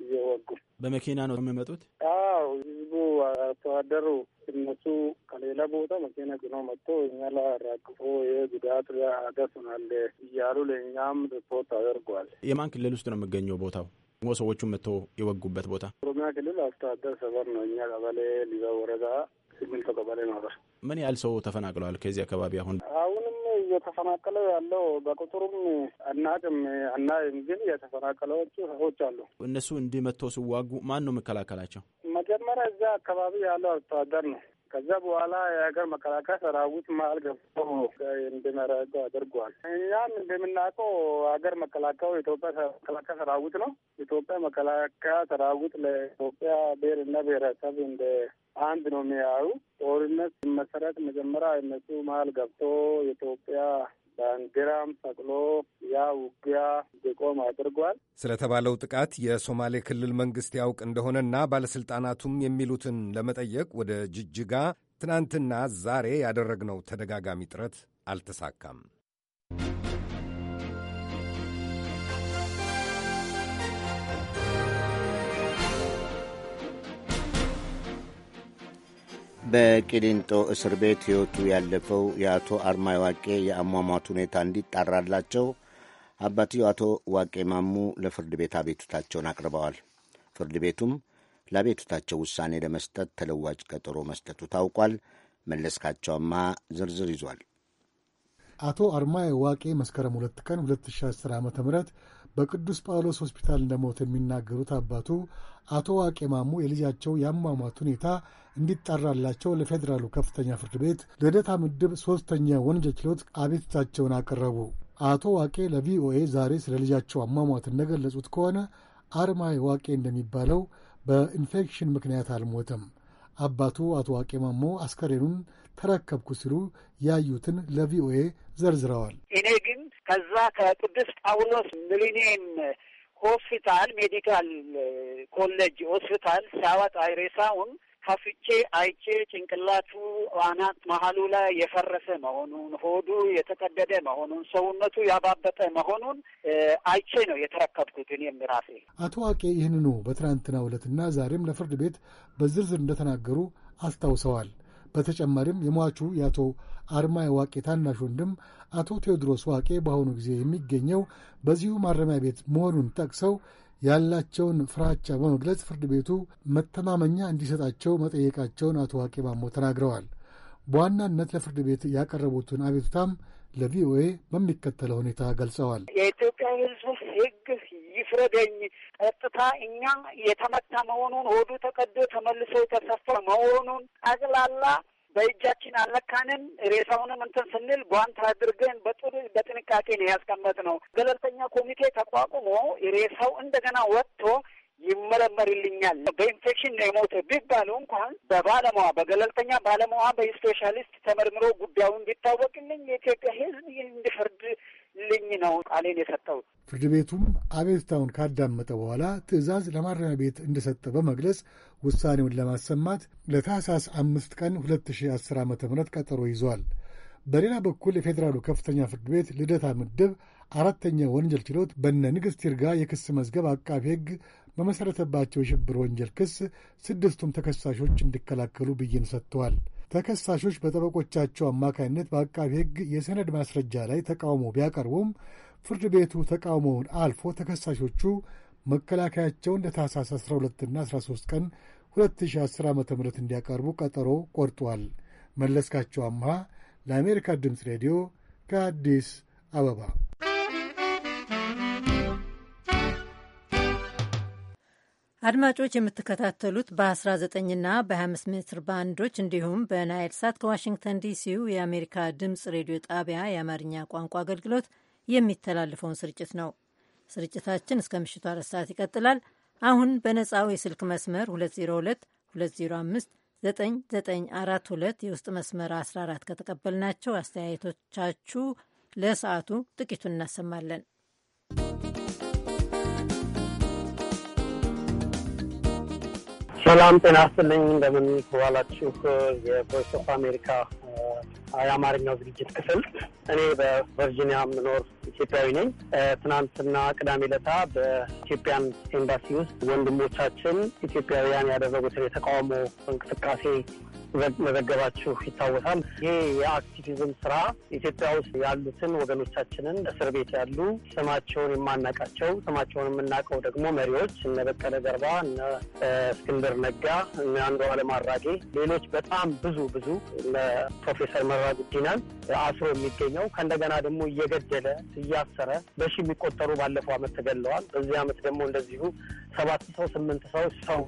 እየወጉ በመኪና ነው የሚመጡት። አዎ ህዝቡ አቶ አደሩ እነሱ ከሌላ ቦታ መኪና ግኖ መጥቶ እኛ ላይ አራግፎ ይህ ጉዳት አደርሱናል እያሉ ለእኛም ሪፖርት አደርጓል። የማን ክልል ውስጥ ነው የሚገኘው ቦታው? ሞ ሰዎቹ መጥቶ የወጉበት ቦታ ኦሮሚያ ክልል አስተዳደር ሰፈር ነው። እኛ ቀበሌ ሊበ ወረዳ ስምንት ቀበሌ ነበር። ምን ያህል ሰው ተፈናቅለዋል ከዚህ አካባቢ አሁን? አሁንም እየተፈናቀለ ያለው በቁጥሩም አናቅም አናይም፣ ግን የተፈናቀለዎቹ ሰዎች አሉ። እነሱ እንዲህ ሲዋጉ ማን ነው መከላከላቸው? መጀመሪያ እዚያ አካባቢ ያለው አስተዳደር ነው ከዛ በኋላ የሀገር መከላከያ ሰራዊት መሀል ገብቶ እንድመረገ አድርጓል። እኛም እንደምናውቀው ሀገር መከላከያው የኢትዮጵያ መከላከያ ሰራዊት ነው። ኢትዮጵያ መከላከያ ሰራዊት ለኢትዮጵያ ብሔርና ብሔረሰብ እንደ አንድ ነው የሚያዩ ጦርነት መሰረት መጀመሪያ እነሱ መሀል ገብቶ የኢትዮጵያ ባንዲራም ሰቅሎ ያ ውጊያ እንዲቆም አድርጓል። ስለተባለው ጥቃት የሶማሌ ክልል መንግስት ያውቅ እንደሆነና ባለስልጣናቱም የሚሉትን ለመጠየቅ ወደ ጅጅጋ ትናንትና ዛሬ ያደረግነው ተደጋጋሚ ጥረት አልተሳካም። በቂሊንጦ እስር ቤት ሕይወቱ ያለፈው የአቶ አርማ ዋቄ የአሟሟት ሁኔታ እንዲጣራላቸው አባትየው አቶ ዋቄ ማሙ ለፍርድ ቤት አቤቱታቸውን አቅርበዋል። ፍርድ ቤቱም ለአቤቱታቸው ውሳኔ ለመስጠት ተለዋጭ ቀጠሮ መስጠቱ ታውቋል። መለስካቸውማ ዝርዝር ይዟል። አቶ አርማ ዋቄ መስከረም ሁለት ቀን 2010 ዓ ም በቅዱስ ጳውሎስ ሆስፒታል እንደሞተ የሚናገሩት አባቱ አቶ ዋቄ ማሙ የልጃቸው የአሟሟት ሁኔታ እንዲጣራላቸው ለፌዴራሉ ከፍተኛ ፍርድ ቤት ልደታ ምድብ ሦስተኛ ወንጀል ችሎት አቤቱታቸውን አቀረቡ። አቶ ዋቄ ለቪኦኤ ዛሬ ስለ ልጃቸው አሟሟት እንደገለጹት ከሆነ አርማይ ዋቄ እንደሚባለው በኢንፌክሽን ምክንያት አልሞተም። አባቱ አቶ ዋቄ ማሞ አስከሬኑን ተረከብኩ ሲሉ ያዩትን ለቪኦኤ ዘርዝረዋል። እኔ ከዛ ከቅዱስ ጳውሎስ ሚሊኒየም ሆስፒታል ሜዲካል ኮሌጅ ሆስፒታል ሲያወጣ ሬሳውን ከፍቼ አይቼ ጭንቅላቱ አናት መሀሉ ላይ የፈረሰ መሆኑን፣ ሆዱ የተቀደደ መሆኑን፣ ሰውነቱ ያባበጠ መሆኑን አይቼ ነው የተረከብኩት እኔም ራሴ። አቶ ዋቄ ይህንኑ በትናንትናው ዕለትና ዛሬም ለፍርድ ቤት በዝርዝር እንደተናገሩ አስታውሰዋል። በተጨማሪም የሟቹ የአቶ አርማ የዋቄ ታናሽ ወንድም አቶ ቴዎድሮስ ዋቄ በአሁኑ ጊዜ የሚገኘው በዚሁ ማረሚያ ቤት መሆኑን ጠቅሰው ያላቸውን ፍራቻ በመግለጽ ፍርድ ቤቱ መተማመኛ እንዲሰጣቸው መጠየቃቸውን አቶ ዋቄ ማሞ ተናግረዋል። በዋናነት ለፍርድ ቤት ያቀረቡትን አቤቱታም ለቪኦኤ በሚከተለው ሁኔታ ገልጸዋል። የኢትዮጵያ ሕዝብ ሕግ ይፍረደኝ፣ ቀጥታ እኛ የተመታ መሆኑን ሆዱ ተቀዶ ተመልሶ የተሰፋ መሆኑን ጠቅላላ በእጃችን አልነካንም። ሬሳውንም እንትን ስንል ጓንት አድርገን በጥሩ በጥንቃቄ ነው ያስቀመጥ ነው። ገለልተኛ ኮሚቴ ተቋቁሞ ሬሳው እንደገና ወጥቶ ይመረመርልኛል። በኢንፌክሽን ነው የሞተ ቢባሉ እንኳን በባለሙያ በገለልተኛ ባለሙያ በስፔሻሊስት ተመርምሮ ጉዳዩን ቢታወቅልኝ የኢትዮጵያ ሕዝብ ይህን እንዲልኝ ነው ቃሌን የሰጠው። ፍርድ ቤቱም አቤቱታውን ካዳመጠ በኋላ ትዕዛዝ ለማረሚያ ቤት እንደሰጠ በመግለጽ ውሳኔውን ለማሰማት ለታህሳስ አምስት ቀን 2010 ዓ ም ቀጠሮ ይዟል። በሌላ በኩል የፌዴራሉ ከፍተኛ ፍርድ ቤት ልደታ ምድብ አራተኛ ወንጀል ችሎት በነ ንግሥት ይርጋ የክስ መዝገብ አቃቢ ሕግ በመሠረተባቸው የሽብር ወንጀል ክስ ስድስቱም ተከሳሾች እንዲከላከሉ ብይን ሰጥተዋል። ተከሳሾች በጠበቆቻቸው አማካኝነት በአቃቢ ሕግ የሰነድ ማስረጃ ላይ ተቃውሞ ቢያቀርቡም ፍርድ ቤቱ ተቃውሞውን አልፎ ተከሳሾቹ መከላከያቸውን ለታህሳስ 12ና 13 ቀን 2010 ዓ ም እንዲያቀርቡ ቀጠሮ ቆርጧል። መለስካቸው አምሃ ለአሜሪካ ድምፅ ሬዲዮ ከአዲስ አበባ አድማጮች የምትከታተሉት በ19ና በ25 ሜትር ባንዶች እንዲሁም በናይል ሳት ከዋሽንግተን ዲሲው የአሜሪካ ድምፅ ሬዲዮ ጣቢያ የአማርኛ ቋንቋ አገልግሎት የሚተላለፈውን ስርጭት ነው። ስርጭታችን እስከ ምሽቱ አራት ሰዓት ይቀጥላል። አሁን በነፃው የስልክ መስመር 202 205 9942 የውስጥ መስመር 14 ከተቀበልናቸው አስተያየቶቻችሁ ለሰዓቱ ጥቂቱን እናሰማለን። ሰላም ጤና ይስጥልኝ። እንደምን ዋላችሁ? የቮይስ ኦፍ አሜሪካ የአማርኛው ዝግጅት ክፍል። እኔ በቨርጂኒያ የምኖር ኢትዮጵያዊ ነኝ። ትናንትና ቅዳሜ ለታ በኢትዮጵያን ኤምባሲ ውስጥ ወንድሞቻችን ኢትዮጵያውያን ያደረጉትን የተቃውሞ እንቅስቃሴ መዘገባችሁ ይታወሳል። ይሄ የአክቲቪዝም ስራ ኢትዮጵያ ውስጥ ያሉትን ወገኖቻችንን እስር ቤት ያሉ ስማቸውን የማናቃቸው ስማቸውን የምናውቀው ደግሞ መሪዎች እነ በቀለ ገርባ፣ እነ እስክንድር ነጋ፣ እነ አንዱዓለም አራጌ፣ ሌሎች በጣም ብዙ ብዙ እነ ፕሮፌሰር መረራ ጉዲናን አስሮ የሚገኘው ከእንደገና ደግሞ እየገደለ እያሰረ በሺ የሚቆጠሩ ባለፈው አመት ተገለዋል። በዚህ አመት ደግሞ እንደዚሁ ሰባት ሰው ስምንት ሰው ሰው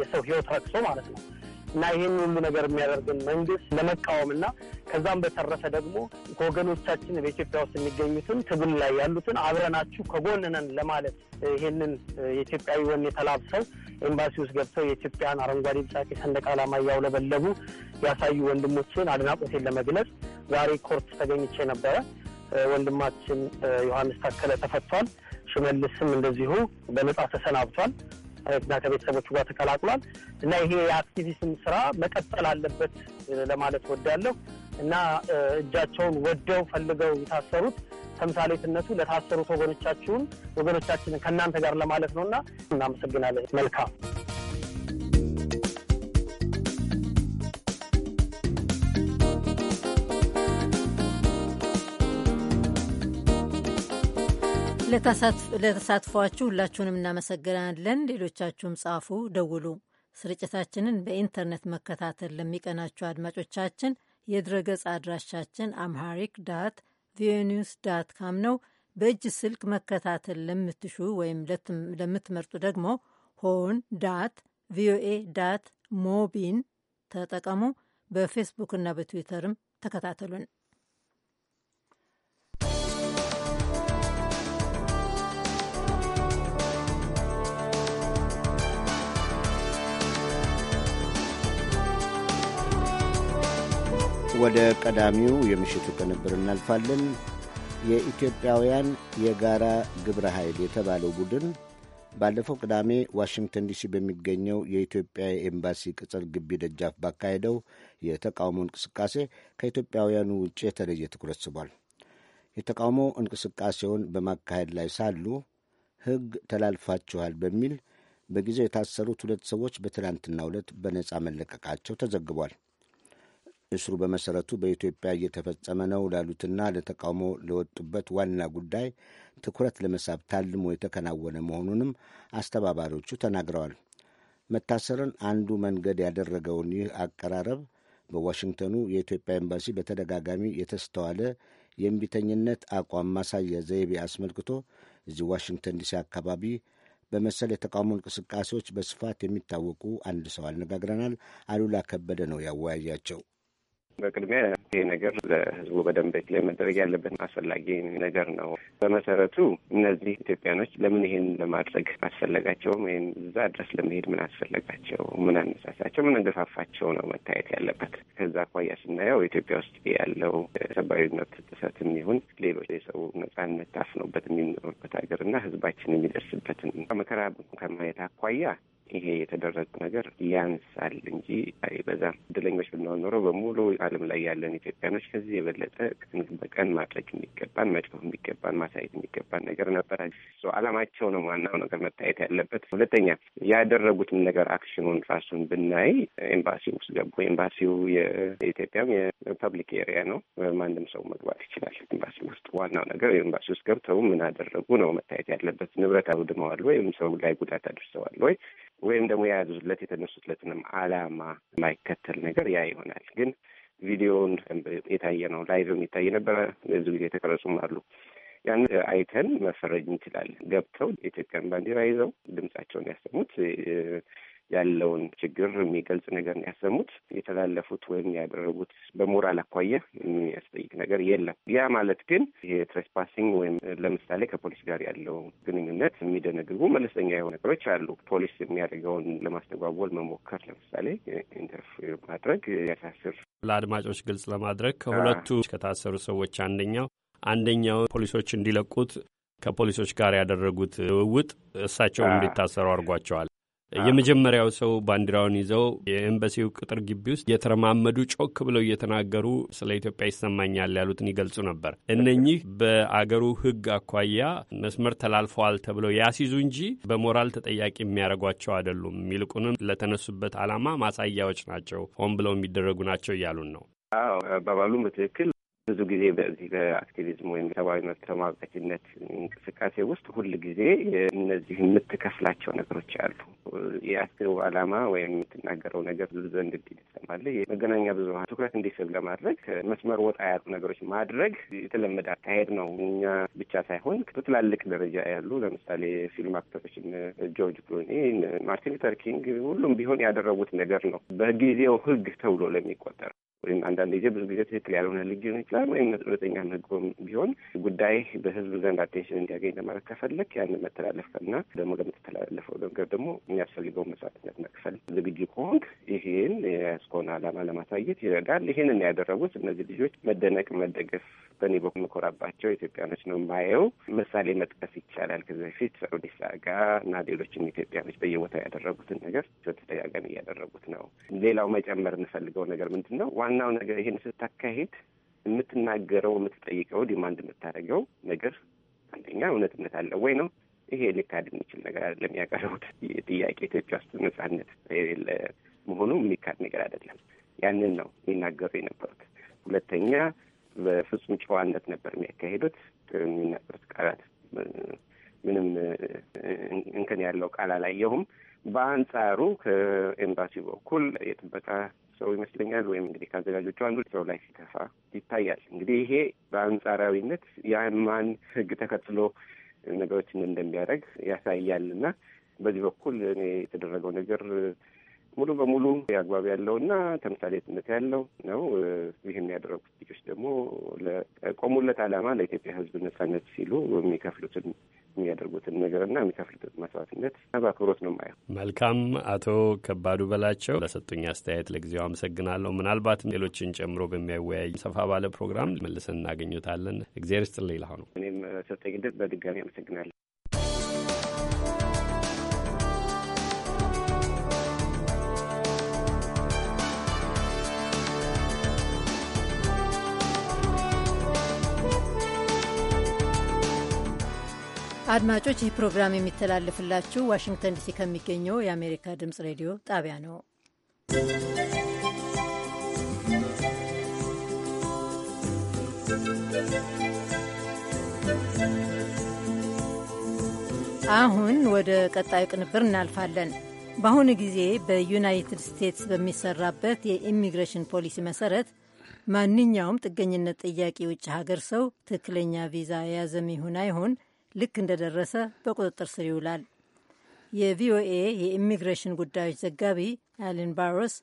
የሰው ህይወት ረክሶ ማለት ነው እና ይህን ሁሉ ነገር የሚያደርግን መንግስት ለመቃወም እና ከዛም በተረፈ ደግሞ ከወገኖቻችን በኢትዮጵያ ውስጥ የሚገኙትን ትግል ላይ ያሉትን አብረናችሁ ከጎንነን ለማለት ይህንን የኢትዮጵያዊ ወኔ የተላብሰው ኤምባሲ ውስጥ ገብተው የኢትዮጵያን አረንጓዴ ቢጫ ቀይ ሰንደቅ ዓላማ እያውለበለቡ ያሳዩ ወንድሞችን አድናቆቴን ለመግለጽ ዛሬ ኮርት ተገኝቼ ነበረ። ወንድማችን ዮሐንስ ታከለ ተፈቷል። ሽመልስም እንደዚሁ በነጻ ተሰናብቷል። ጥረትና ከቤተሰቦቹ ጋር ተቀላቅሏል እና ይሄ የአክቲቪስም ስራ መቀጠል አለበት ለማለት ወዳለሁ እና እጃቸውን ወደው ፈልገው የታሰሩት ተምሳሌትነቱ ለታሰሩት ወገኖቻችሁን ወገኖቻችንን ከእናንተ ጋር ለማለት ነው እና እናመሰግናለን። መልካም ለተሳትፏችሁ ሁላችሁንም እናመሰግናለን። ሌሎቻችሁም ጻፉ፣ ደውሉ። ስርጭታችንን በኢንተርኔት መከታተል ለሚቀናችሁ አድማጮቻችን የድረገጽ አድራሻችን አምሃሪክ ዳት ቪኦኤ ኒውስ ዳት ካም ነው። በእጅ ስልክ መከታተል ለምትሹ ወይም ለምትመርጡ ደግሞ ሆን ዳት ቪኦኤ ዳት ሞቢን ተጠቀሙ። በፌስቡክና በትዊተርም ተከታተሉን። ወደ ቀዳሚው የምሽቱ ቅንብር እናልፋለን። የኢትዮጵያውያን የጋራ ግብረ ኃይል የተባለው ቡድን ባለፈው ቅዳሜ ዋሽንግተን ዲሲ በሚገኘው የኢትዮጵያ የኤምባሲ ቅጽር ግቢ ደጃፍ ባካሄደው የተቃውሞ እንቅስቃሴ ከኢትዮጵያውያኑ ውጭ የተለየ ትኩረት ስቧል። የተቃውሞ እንቅስቃሴውን በማካሄድ ላይ ሳሉ ሕግ ተላልፋችኋል በሚል በጊዜው የታሰሩት ሁለት ሰዎች በትናንትናው ዕለት በነጻ መለቀቃቸው ተዘግቧል። እስሩ በመሰረቱ በኢትዮጵያ እየተፈጸመ ነው ላሉትና ለተቃውሞ ለወጡበት ዋና ጉዳይ ትኩረት ለመሳብ ታልሞ የተከናወነ መሆኑንም አስተባባሪዎቹ ተናግረዋል። መታሰርን አንዱ መንገድ ያደረገውን ይህ አቀራረብ በዋሽንግተኑ የኢትዮጵያ ኤምባሲ በተደጋጋሚ የተስተዋለ የእምቢተኝነት አቋም ማሳያ ዘይቤ አስመልክቶ እዚህ ዋሽንግተን ዲሲ አካባቢ በመሰል የተቃውሞ እንቅስቃሴዎች በስፋት የሚታወቁ አንድ ሰው አነጋግረናል። አሉላ ከበደ ነው ያወያያቸው። በቅድሚያ ይሄ ነገር ለህዝቡ በደንብ ላይ መደረግ ያለበት አስፈላጊ ነገር ነው። በመሰረቱ እነዚህ ኢትዮጵያኖች ለምን ይሄን ለማድረግ አስፈለጋቸውም? ይህን እዛ ድረስ ለመሄድ ምን አስፈለጋቸው? ምን አነሳሳቸው? ምን እንገፋፋቸው ነው መታየት ያለበት። ከዛ አኳያ ስናየው ኢትዮጵያ ውስጥ ያለው ሰብአዊ መብት ጥሰትም ይሁን ሌሎች የሰው ነጻነት ታፍኖበት የሚኖርበት ሀገር እና ህዝባችን የሚደርስበትን መከራ ከማየት አኳያ ይሄ የተደረገ ነገር ያንሳል እንጂ አይበዛም። እድለኞች ብንሆን ኖሮ በሙሉ ዓለም ላይ ያለን ኢትዮጵያኖች ከዚህ የበለጠ ቀን በቀን ማድረግ የሚገባን መድፈፍ የሚገባን ማሳየት የሚገባን ነገር ነበረ። አላማቸው ነው ዋናው ነገር መታየት ያለበት። ሁለተኛ ያደረጉትን ነገር አክሽኑን ራሱን ብናይ ኤምባሲ ውስጥ ገቡ። ኤምባሲው የኢትዮጵያም የፐብሊክ ኤሪያ ነው። ማንም ሰው መግባት ይችላል ኤምባሲ ውስጥ። ዋናው ነገር ኤምባሲ ውስጥ ገብተው ምን አደረጉ ነው መታየት ያለበት። ንብረት አውድመዋል ወይም ሰው ላይ ጉዳት አድርሰዋል ወይ ወይም ደግሞ የያዙለት የተነሱትለትንም አላማ የማይከተል ነገር ያ ይሆናል። ግን ቪዲዮውን የታየ ነው፣ ላይቭም የታየ ነበረ፣ ብዙ ጊዜ የተቀረጹም አሉ። ያን አይተን መፈረጅ እንችላለን። ገብተው የኢትዮጵያን ባንዲራ ይዘው ድምጻቸውን ያሰሙት ያለውን ችግር የሚገልጽ ነገር ነው ያሰሙት። የተላለፉት ወይም ያደረጉት በሞራል አኳያ የሚያስጠይቅ ነገር የለም። ያ ማለት ግን ይሄ ትሬስፓሲንግ ወይም ለምሳሌ ከፖሊስ ጋር ያለው ግንኙነት የሚደነግጉ መለስተኛ የሆኑ ነገሮች አሉ። ፖሊስ የሚያደርገውን ለማስተጓጎል መሞከር፣ ለምሳሌ ኢንተርፌር ማድረግ ያሳስር። ለአድማጮች ግልጽ ለማድረግ ከሁለቱ ከታሰሩ ሰዎች አንደኛው አንደኛው ፖሊሶች እንዲለቁት ከፖሊሶች ጋር ያደረጉት ልውውጥ እሳቸው እንዲታሰሩ አድርጓቸዋል። የመጀመሪያው ሰው ባንዲራውን ይዘው የኤምባሲው ቅጥር ግቢ ውስጥ የተረማመዱ ጮክ ብለው እየተናገሩ ስለ ኢትዮጵያ ይሰማኛል ያሉትን ይገልጹ ነበር። እነኚህ በአገሩ ሕግ አኳያ መስመር ተላልፈዋል ተብለው ያስይዙ እንጂ በሞራል ተጠያቂ የሚያደርጓቸው አይደሉም። ይልቁንም ለተነሱበት ዓላማ ማሳያዎች ናቸው፣ ሆን ብለው የሚደረጉ ናቸው እያሉን ነው። አዎ አባባሉም በትክክል ብዙ ጊዜ በዚህ በአክቲቪዝም ወይም ሰብአዊ መብት ተሟጋችነት እንቅስቃሴ ውስጥ ሁል ጊዜ እነዚህ የምትከፍላቸው ነገሮች አሉ። የአክቲቭ ዓላማ ወይም የምትናገረው ነገር ብዙ ዘንድ እንዲደርስ ለማድረግ መገናኛ ብዙኃን ትኩረት እንዲስብ ለማድረግ መስመር ወጣ ያሉ ነገሮች ማድረግ የተለመደ አካሄድ ነው። እኛ ብቻ ሳይሆን በትላልቅ ደረጃ ያሉ ለምሳሌ ፊልም አክተሮች ጆርጅ ክሉኒ፣ ማርቲን ሉተር ኪንግ ሁሉም ቢሆን ያደረጉት ነገር ነው። በጊዜው ህግ ተብሎ ለሚቆጠር ወይም አንዳንድ ጊዜ ብዙ ጊዜ ትክክል ያልሆነ ሊሆን ይችላል ወይም እውነተኛ ነግሮም ቢሆን ጉዳይ በህዝብ ዘንድ አቴንሽን እንዲያገኝ ለማድረግ ከፈለግ ያን መተላለፍ እና ደግሞ ለምትተላለፈው ነገር ደግሞ የሚያስፈልገው መስዋዕትነት መክፈል ዝግጁ ከሆንክ ይህን የያዝከውን አላማ ለማሳየት ይረዳል። ይህንን ያደረጉት እነዚህ ልጆች መደነቅ፣ መደገፍ በእኔ በኩል የምኮራባቸው ኢትዮጵያኖች ነው የማየው። ምሳሌ መጥቀስ ይቻላል። ከዚህ በፊት ኦዴሳ ጋ እና ሌሎችም ኢትዮጵያኖች በየቦታው ያደረጉትን ነገር ተደጋጋሚ እያደረጉት ነው። ሌላው መጨመር እንፈልገው ነገር ምንድን ነው? ዋናው ነገር ይሄን ስታካሄድ የምትናገረው የምትጠይቀው ዲማንድ የምታደርገው ነገር አንደኛ እውነትነት አለው ወይ ነው። ይሄ ሊካድ የሚችል ነገር አይደለም። ያቀረቡት ጥያቄ ኢትዮጵያ ውስጥ ነጻነት የሌለ መሆኑ የሚካድ ነገር አይደለም። ያንን ነው የሚናገሩ የነበሩት። ሁለተኛ በፍጹም ጨዋነት ነበር የሚያካሄዱት። የሚናገሩት ቃላት ምንም እንክን ያለው ቃል አላየሁም። በአንጻሩ ከኤምባሲ በኩል የጥበቃ ሰው ይመስለኛል ወይም እንግዲህ ከአዘጋጆቹ አንዱ ሰው ላይ ሲተፋ ይታያል። እንግዲህ ይሄ በአንጻራዊነት የማን ህግ ተከትሎ ነገሮችን እንደሚያደርግ ያሳያል እና በዚህ በኩል እኔ የተደረገው ነገር ሙሉ በሙሉ አግባብ ያለውና ተምሳሌትነት ያለው ነው። ይህን ያደረጉት ልጆች ደግሞ ለቆሙለት ዓላማ ለኢትዮጵያ ሕዝብ ነጻነት ሲሉ የሚከፍሉትን የሚያደርጉትን ነገርና የሚከፍሉትን መስዋዕትነት በአክብሮት ነው ማየው። መልካም አቶ ከባዱ በላቸው ለሰጡኝ አስተያየት ለጊዜው አመሰግናለሁ። ምናልባት ሌሎችን ጨምሮ በሚያወያይ ሰፋ ባለ ፕሮግራም መልሰን እናገኙታለን። እግዜር ስጥ ሌላ ነው። እኔም ሰጠኝ ድል በድጋሚ አመሰግናለሁ። አድማጮች ይህ ፕሮግራም የሚተላለፍላችሁ ዋሽንግተን ዲሲ ከሚገኘው የአሜሪካ ድምፅ ሬዲዮ ጣቢያ ነው። አሁን ወደ ቀጣዩ ቅንብር እናልፋለን። በአሁኑ ጊዜ በዩናይትድ ስቴትስ በሚሰራበት የኢሚግሬሽን ፖሊሲ መሰረት ማንኛውም ጥገኝነት ጥያቄ ውጭ ሀገር ሰው ትክክለኛ ቪዛ የያዘም ይሁን አይሆን ልክ እንደደረሰ በቁጥጥር ስር ይውላል። የቪኦኤ የኢሚግሬሽን ጉዳዮች ዘጋቢ አሊን ባሮስ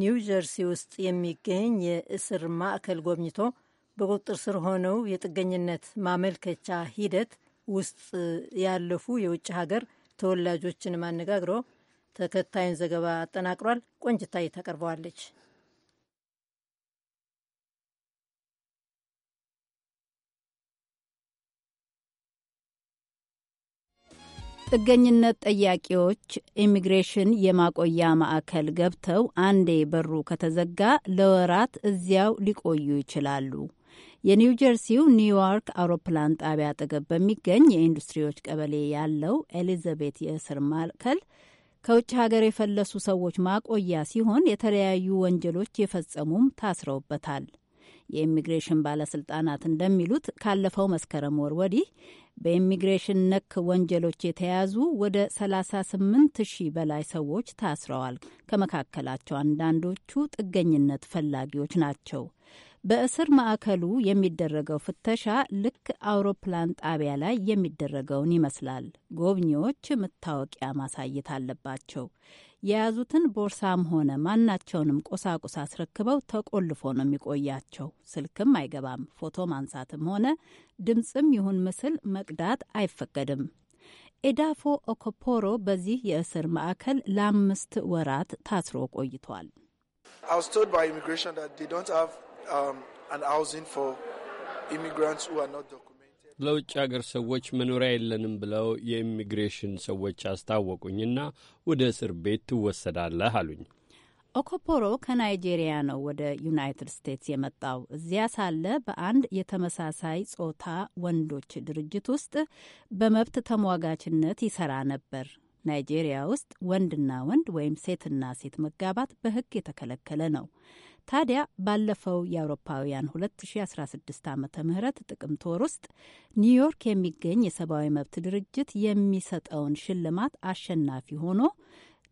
ኒው ጀርሲ ውስጥ የሚገኝ የእስር ማዕከል ጎብኝቶ በቁጥጥር ስር ሆነው የጥገኝነት ማመልከቻ ሂደት ውስጥ ያለፉ የውጭ ሀገር ተወላጆችን ማነጋግሮ ተከታዩን ዘገባ አጠናቅሯል። ቆንጅታይ ታቀርበዋለች። ጥገኝነት ጠያቂዎች ኢሚግሬሽን የማቆያ ማዕከል ገብተው አንዴ በሩ ከተዘጋ ለወራት እዚያው ሊቆዩ ይችላሉ። የኒው ጀርሲው ኒውዮርክ አውሮፕላን ጣቢያ አጠገብ በሚገኝ የኢንዱስትሪዎች ቀበሌ ያለው ኤሊዛቤት የእስር ማዕከል ከውጭ ሀገር የፈለሱ ሰዎች ማቆያ ሲሆን የተለያዩ ወንጀሎች የፈጸሙም ታስረውበታል። የኢሚግሬሽን ባለስልጣናት እንደሚሉት ካለፈው መስከረም ወር ወዲህ በኢሚግሬሽን ነክ ወንጀሎች የተያዙ ወደ 38 ሺህ በላይ ሰዎች ታስረዋል። ከመካከላቸው አንዳንዶቹ ጥገኝነት ፈላጊዎች ናቸው። በእስር ማዕከሉ የሚደረገው ፍተሻ ልክ አውሮፕላን ጣቢያ ላይ የሚደረገውን ይመስላል። ጎብኚዎች መታወቂያ ማሳየት አለባቸው። የያዙትን ቦርሳም ሆነ ማናቸውንም ቁሳቁስ አስረክበው ተቆልፎ ነው የሚቆያቸው። ስልክም አይገባም። ፎቶ ማንሳትም ሆነ ድምፅም ይሁን ምስል መቅዳት አይፈቀድም። ኤዳፎ ኦኮፖሮ በዚህ የእስር ማዕከል ለአምስት ወራት ታስሮ ቆይቷል። ለውጭ አገር ሰዎች መኖሪያ የለንም ብለው የኢሚግሬሽን ሰዎች አስታወቁኝና ወደ እስር ቤት ትወሰዳለህ አሉኝ። ኦኮፖሮ ከናይጄሪያ ነው ወደ ዩናይትድ ስቴትስ የመጣው። እዚያ ሳለ በአንድ የተመሳሳይ ጾታ ወንዶች ድርጅት ውስጥ በመብት ተሟጋችነት ይሰራ ነበር። ናይጄሪያ ውስጥ ወንድና ወንድ ወይም ሴትና ሴት መጋባት በሕግ የተከለከለ ነው። ታዲያ ባለፈው የአውሮፓውያን 2016 ዓ ም ጥቅምት ወር ውስጥ ኒውዮርክ የሚገኝ የሰብአዊ መብት ድርጅት የሚሰጠውን ሽልማት አሸናፊ ሆኖ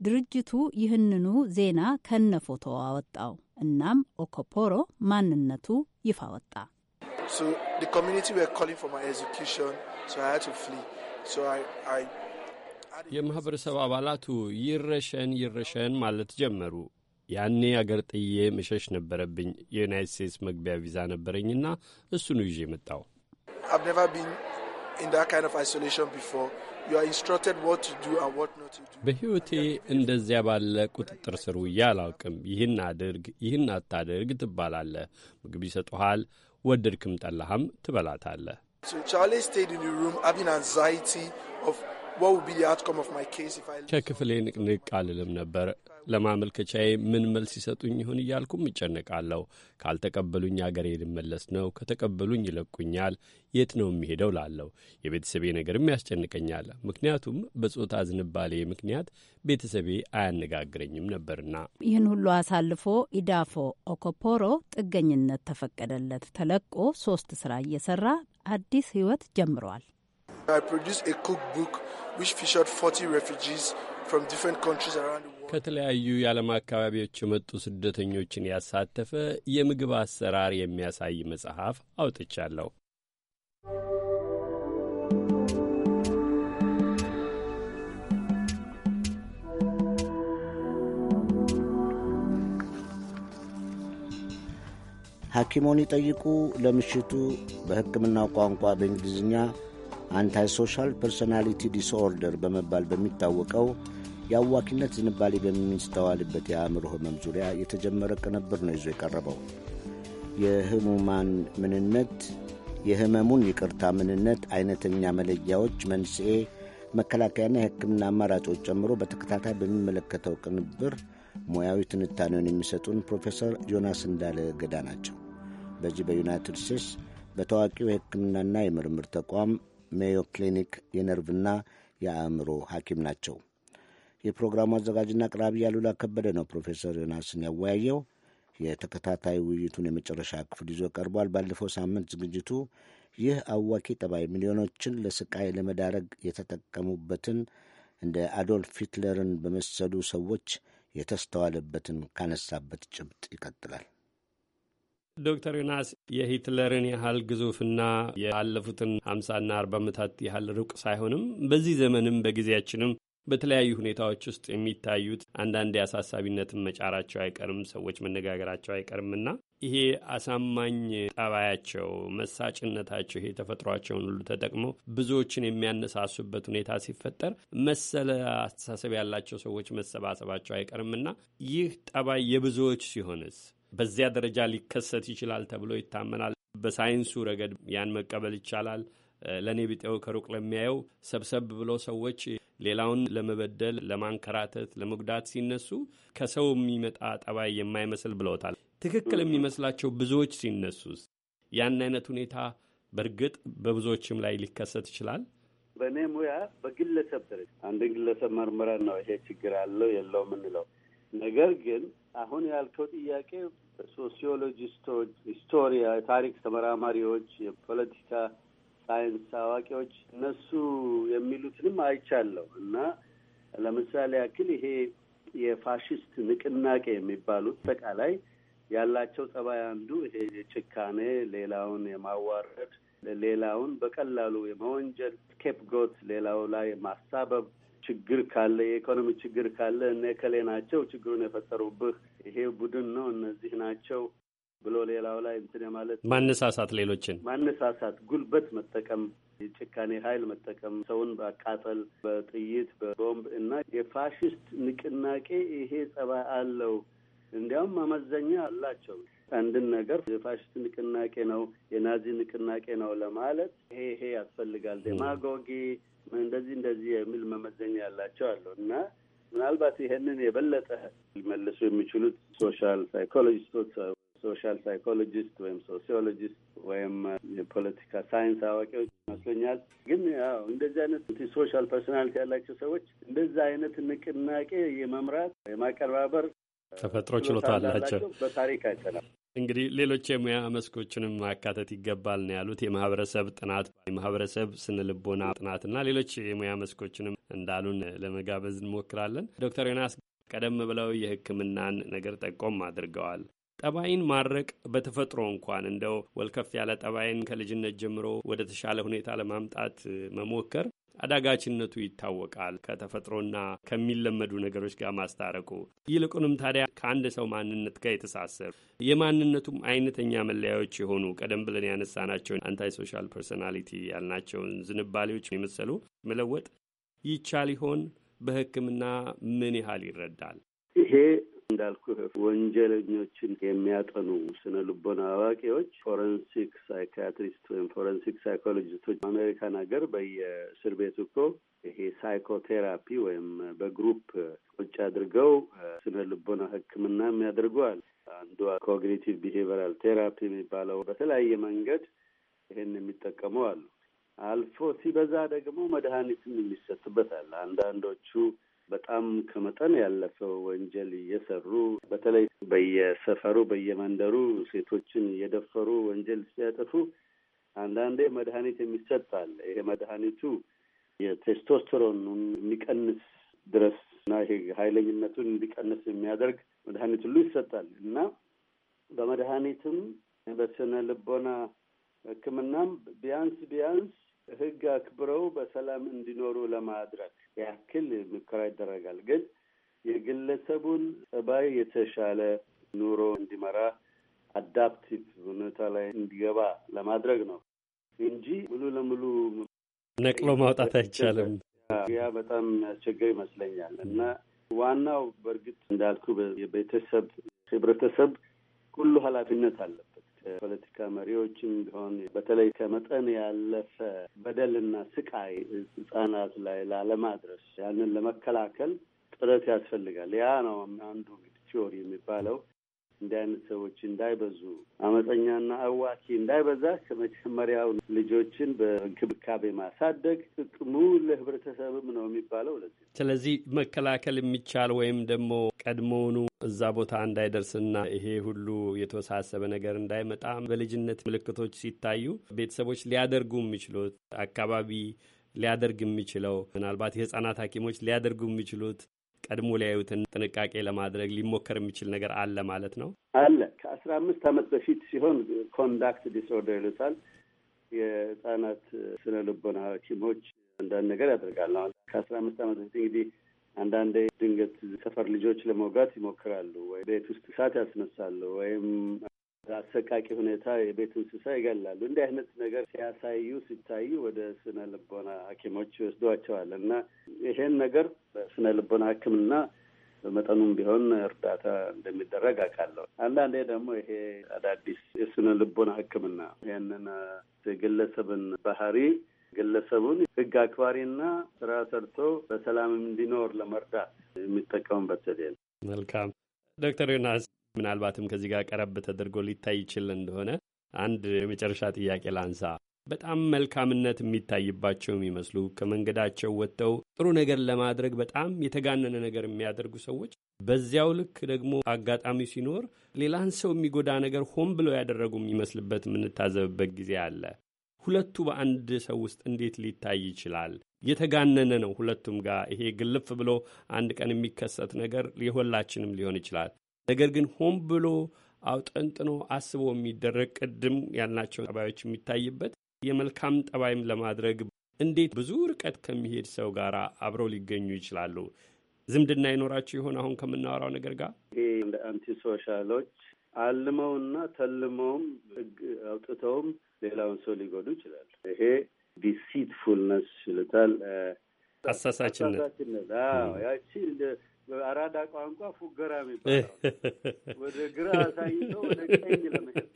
ድርጅቱ ይህንኑ ዜና ከነ ፎቶው አወጣው። እናም ኦኮፖሮ ማንነቱ ይፋ ወጣ። የማህበረሰብ አባላቱ ይረሸን ይረሸን ማለት ጀመሩ። ያኔ አገር ጥዬ መሸሽ ነበረብኝ። የዩናይት ስቴትስ መግቢያ ቪዛ ነበረኝና እሱኑ ይዤ መጣው። በሕይወቴ እንደዚያ ባለ ቁጥጥር ስር ውዬ አላውቅም። ይህን አድርግ፣ ይህን አታድርግ ትባላለህ። ምግብ ይሰጡሃል፣ ወደድክም ጠላህም ትበላታለህ። ከክፍሌ ንቅንቅ አልልም ነበር። ለማመልከቻዬ ምን መልስ ይሰጡኝ ይሆን እያልኩም ይጨነቃለሁ። ካልተቀበሉኝ አገሬ ልመለስ ነው፣ ከተቀበሉኝ ይለቁኛል፣ የት ነው የሚሄደው ላለሁ። የቤተሰቤ ነገርም ያስጨንቀኛል። ምክንያቱም በጾታ ዝንባሌ ምክንያት ቤተሰቤ አያነጋግረኝም ነበርና። ይህን ሁሉ አሳልፎ ኢዳፎ ኦኮፖሮ ጥገኝነት ተፈቀደለት። ተለቆ ሶስት ስራ እየሰራ አዲስ ህይወት ጀምሯል። ከተለያዩ የዓለም አካባቢዎች የመጡ ስደተኞችን ያሳተፈ የምግብ አሰራር የሚያሳይ መጽሐፍ አውጥቻለሁ። ሐኪሞን ይጠይቁ ለምሽቱ በሕክምናው ቋንቋ በእንግሊዝኛ አንታይሶሻል ፐርሶናሊቲ ዲስኦርደር በመባል በሚታወቀው የአዋኪነት ዝንባሌ በሚስተዋልበት የአእምሮ ህመም ዙሪያ የተጀመረ ቅንብር ነው ይዞ የቀረበው። የህሙማን ምንነት፣ የህመሙን ይቅርታ ምንነት፣ አይነተኛ መለያዎች፣ መንስኤ፣ መከላከያና የህክምና አማራጮች ጨምሮ በተከታታይ በሚመለከተው ቅንብር ሙያዊ ትንታኔውን የሚሰጡን ፕሮፌሰር ዮናስ እንዳለ ገዳ ናቸው። በዚህ በዩናይትድ ስቴትስ በታዋቂው የህክምናና የምርምር ተቋም ሜዮ ክሊኒክ የነርቭና የአእምሮ ሐኪም ናቸው። የፕሮግራሙ አዘጋጅና አቅራቢ ያሉላ ከበደ ነው። ፕሮፌሰር ዮናስን ያወያየው የተከታታይ ውይይቱን የመጨረሻ ክፍል ይዞ ቀርቧል። ባለፈው ሳምንት ዝግጅቱ ይህ አዋኪ ጠባይ ሚሊዮኖችን ለስቃይ ለመዳረግ የተጠቀሙበትን እንደ አዶልፍ ሂትለርን በመሰሉ ሰዎች የተስተዋለበትን ካነሳበት ጭብጥ ይቀጥላል። ዶክተር ዮናስ የሂትለርን ያህል ግዙፍና ያለፉትን ሀምሳና አርባ ዓመታት ያህል ሩቅ ሳይሆንም በዚህ ዘመንም በጊዜያችንም በተለያዩ ሁኔታዎች ውስጥ የሚታዩት አንዳንድ የአሳሳቢነትን መጫራቸው አይቀርም፣ ሰዎች መነጋገራቸው አይቀርምና ይሄ አሳማኝ ጠባያቸው፣ መሳጭነታቸው ይሄ ተፈጥሯቸውን ሁሉ ተጠቅመው ብዙዎችን የሚያነሳሱበት ሁኔታ ሲፈጠር መሰለ አስተሳሰብ ያላቸው ሰዎች መሰባሰባቸው አይቀርምና ይህ ጠባይ የብዙዎች ሲሆንስ በዚያ ደረጃ ሊከሰት ይችላል ተብሎ ይታመናል። በሳይንሱ ረገድ ያን መቀበል ይቻላል። ለእኔ ቢጤው ከሩቅ ለሚያየው ሰብሰብ ብሎ ሰዎች ሌላውን ለመበደል፣ ለማንከራተት፣ ለመጉዳት ሲነሱ ከሰው የሚመጣ ጠባይ የማይመስል ብለውታል። ትክክል የሚመስላቸው ብዙዎች ሲነሱስ ያን አይነት ሁኔታ በእርግጥ በብዙዎችም ላይ ሊከሰት ይችላል። በእኔ ሙያ በግለሰብ ደረጃ አንድ ግለሰብ መርምረን ነው ይሄ ችግር አለው የለው የምንለው። ነገር ግን አሁን ያልከው ጥያቄ ሶሲዮሎጂስቶች፣ ሂስቶሪያ፣ የታሪክ ተመራማሪዎች፣ የፖለቲካ ሳይንስ አዋቂዎች እነሱ የሚሉትንም አይቻለሁ እና ለምሳሌ ያክል ይሄ የፋሽስት ንቅናቄ የሚባሉት አጠቃላይ ያላቸው ጸባይ አንዱ ይሄ የጭካኔ ሌላውን የማዋረድ ሌላውን በቀላሉ የመወንጀል ስኬፕጎት ጎት ሌላው ላይ ማሳበብ ችግር ካለ የኢኮኖሚ ችግር ካለ እነ ከሌ ናቸው ችግሩን የፈጠሩብህ፣ ይሄ ቡድን ነው፣ እነዚህ ናቸው ብሎ ሌላው ላይ እንትን ማለት ማነሳሳት፣ ሌሎችን ማነሳሳት፣ ጉልበት መጠቀም፣ የጭካኔ ኃይል መጠቀም፣ ሰውን በአቃጠል፣ በጥይት፣ በቦምብ እና የፋሽስት ንቅናቄ ይሄ ጸባይ አለው። እንዲያውም መመዘኛ አላቸው። አንድን ነገር የፋሽስት ንቅናቄ ነው፣ የናዚ ንቅናቄ ነው ለማለት ይሄ ይሄ ያስፈልጋል። ዴማጎጊ እንደዚህ እንደዚህ የሚል መመዘኛ ያላቸው አሉ እና ምናልባት ይሄንን የበለጠ ሊመልሱ የሚችሉት ሶሻል ሳይኮሎጂስቶች፣ ሶሻል ሳይኮሎጂስት ወይም ሶሲዮሎጂስት ወይም የፖለቲካ ሳይንስ አዋቂዎች ይመስለኛል። ግን ያው እንደዚህ አይነት ሶሻል ፐርሶናሊቲ ያላቸው ሰዎች እንደዛ አይነት ንቅናቄ የመምራት የማቀነባበር ተፈጥሮ ችሎታ አላቸው። በታሪክ አይተናል። እንግዲህ ሌሎች የሙያ መስኮችንም ማካተት ይገባል ነው ያሉት። የማህበረሰብ ጥናት፣ የማህበረሰብ ስንልቦና ጥናትና ሌሎች የሙያ መስኮችንም እንዳሉን ለመጋበዝ እንሞክራለን። ዶክተር ዮናስ ቀደም ብለው የሕክምናን ነገር ጠቆም አድርገዋል። ጠባይን ማድረቅ በተፈጥሮ እንኳን እንደው ወልከፍ ያለ ጠባይን ከልጅነት ጀምሮ ወደ ተሻለ ሁኔታ ለማምጣት መሞከር አዳጋችነቱ ይታወቃል። ከተፈጥሮና ከሚለመዱ ነገሮች ጋር ማስታረቁ ይልቁንም ታዲያ ከአንድ ሰው ማንነት ጋር የተሳሰሩ የማንነቱም አይነተኛ መለያዎች የሆኑ ቀደም ብለን ያነሳናቸውን አንታይ ሶሻል ፐርሶናሊቲ ያልናቸውን ዝንባሌዎች የመሰሉ መለወጥ ይቻል ይሆን? በሕክምና ምን ያህል ይረዳል? ይሄ እንዳልኩ ወንጀለኞችን የሚያጠኑ ስነ ልቦና አዋቂዎች ፎረንሲክ ሳይካትሪስት ወይም ፎረንሲክ ሳይኮሎጂስቶች አሜሪካን ሀገር በየእስር ቤቱ እኮ ይሄ ሳይኮቴራፒ ወይም በግሩፕ ቁጭ አድርገው ስነ ልቦና ሕክምና የሚያደርገዋል። አንዱ ኮግኒቲቭ ቢሄቨራል ቴራፒ የሚባለው በተለያየ መንገድ ይሄን የሚጠቀሙ አሉ። አልፎ ሲበዛ ደግሞ መድኃኒትም የሚሰጥበት አለ። አንዳንዶቹ በጣም ከመጠን ያለፈ ወንጀል እየሰሩ በተለይ በየሰፈሩ በየመንደሩ ሴቶችን እየደፈሩ ወንጀል ሲያጠፉ አንዳንዴ መድኃኒት የሚሰጥ አለ። ይሄ መድኃኒቱ የቴስቶስትሮኑን የሚቀንስ ድረስ እና ይሄ ኃይለኝነቱን እንዲቀንስ የሚያደርግ መድኃኒት ሁሉ ይሰጣል እና በመድኃኒትም በስነ ልቦና ሕክምናም ቢያንስ ቢያንስ ህግ አክብረው በሰላም እንዲኖሩ ለማድረግ ያክል ሙከራ ይደረጋል። ግን የግለሰቡን ጸባይ የተሻለ ኑሮ እንዲመራ አዳፕቲቭ ሁኔታ ላይ እንዲገባ ለማድረግ ነው እንጂ ሙሉ ለሙሉ ነቅሎ ማውጣት አይቻልም። ያ በጣም ያስቸገር ይመስለኛል። እና ዋናው በእርግጥ እንዳልኩ የቤተሰብ ህብረተሰብ ሁሉ ኃላፊነት አለው። ፖለቲካ መሪዎችም ቢሆን በተለይ ከመጠን ያለፈ በደልና ስቃይ ህጻናት ላይ ላለማድረስ ያንን ለመከላከል ጥረት ያስፈልጋል። ያ ነው አንዱ ቲዮሪ የሚባለው እንዲህ አይነት ሰዎች እንዳይበዙ አመፀኛና አዋኪ እንዳይበዛ ከመጀመሪያው ልጆችን በእንክብካቤ ማሳደግ ጥቅሙ ለህብረተሰብም ነው የሚባለው። ለዚህ ስለዚህ መከላከል የሚቻል ወይም ደግሞ ቀድሞውኑ እዛ ቦታ እንዳይደርስና ይሄ ሁሉ የተወሳሰበ ነገር እንዳይመጣ በልጅነት ምልክቶች ሲታዩ ቤተሰቦች ሊያደርጉ የሚችሉት አካባቢ ሊያደርግ የሚችለው ምናልባት የህጻናት ሐኪሞች ሊያደርጉ የሚችሉት ቀድሞ ሊያዩትን ጥንቃቄ ለማድረግ ሊሞከር የሚችል ነገር አለ ማለት ነው። አለ ከአስራ አምስት ዓመት በፊት ሲሆን ኮንዳክት ዲስኦርደር ይሉታል። የህጻናት ስነ ልቦና ሐኪሞች አንዳንድ ነገር ያደርጋል። አሁን ከአስራ አምስት ዓመት በፊት እንግዲህ አንዳንዴ ድንገት ሰፈር ልጆች ለመውጋት ይሞክራሉ ወይ ቤት ውስጥ እሳት ያስነሳሉ ወይም አሰቃቂ ሁኔታ የቤት እንስሳ ይገላሉ። እንዲህ አይነት ነገር ሲያሳዩ ሲታዩ ወደ ስነ ልቦና ሐኪሞች ይወስዷቸዋል እና ይሄን ነገር በስነ ልቦና ሕክምና በመጠኑም ቢሆን እርዳታ እንደሚደረግ አውቃለሁ። አንዳንዴ ደግሞ ይሄ አዳዲስ የስነ ልቦና ሕክምና ይህንን ግለሰብን ባህሪ ግለሰቡን ህግ አክባሪና ስራ ሰርቶ በሰላም እንዲኖር ለመርዳት የሚጠቀሙበት ዘዴ ነው። መልካም ዶክተር ዮናስ ምናልባትም ከዚህ ጋር ቀረብ ተደርጎ ሊታይ ይችል እንደሆነ አንድ የመጨረሻ ጥያቄ ላንሳ። በጣም መልካምነት የሚታይባቸው የሚመስሉ ከመንገዳቸው ወጥተው ጥሩ ነገር ለማድረግ በጣም የተጋነነ ነገር የሚያደርጉ ሰዎች በዚያው ልክ ደግሞ አጋጣሚ ሲኖር ሌላን ሰው የሚጎዳ ነገር ሆን ብለው ያደረጉ የሚመስልበት የምንታዘብበት ጊዜ አለ። ሁለቱ በአንድ ሰው ውስጥ እንዴት ሊታይ ይችላል? የተጋነነ ነው ሁለቱም ጋር ይሄ ግልፍ ብሎ አንድ ቀን የሚከሰት ነገር የሁላችንም ሊሆን ይችላል። ነገር ግን ሆን ብሎ አውጠንጥኖ አስቦ የሚደረግ ቅድም ያልናቸው ጠባዮች የሚታይበት የመልካም ጠባይም ለማድረግ እንዴት ብዙ ርቀት ከሚሄድ ሰው ጋር አብረው ሊገኙ ይችላሉ? ዝምድና ይኖራቸው ይሆን? አሁን ከምናወራው ነገር ጋር ይሄ እንደ አልመውና ተልመውም አውጥተውም ሌላውን ሰው ሊጎዱ ይችላሉ። ይሄ ዲሲትፉልነስ ይሉታል፣ አሳሳችነት። ያቺ በአራዳ ቋንቋ ፉገራ የሚባለው <laughs> ወደ ግራ አሳይተው ወደ ቀኝ ለመሄድ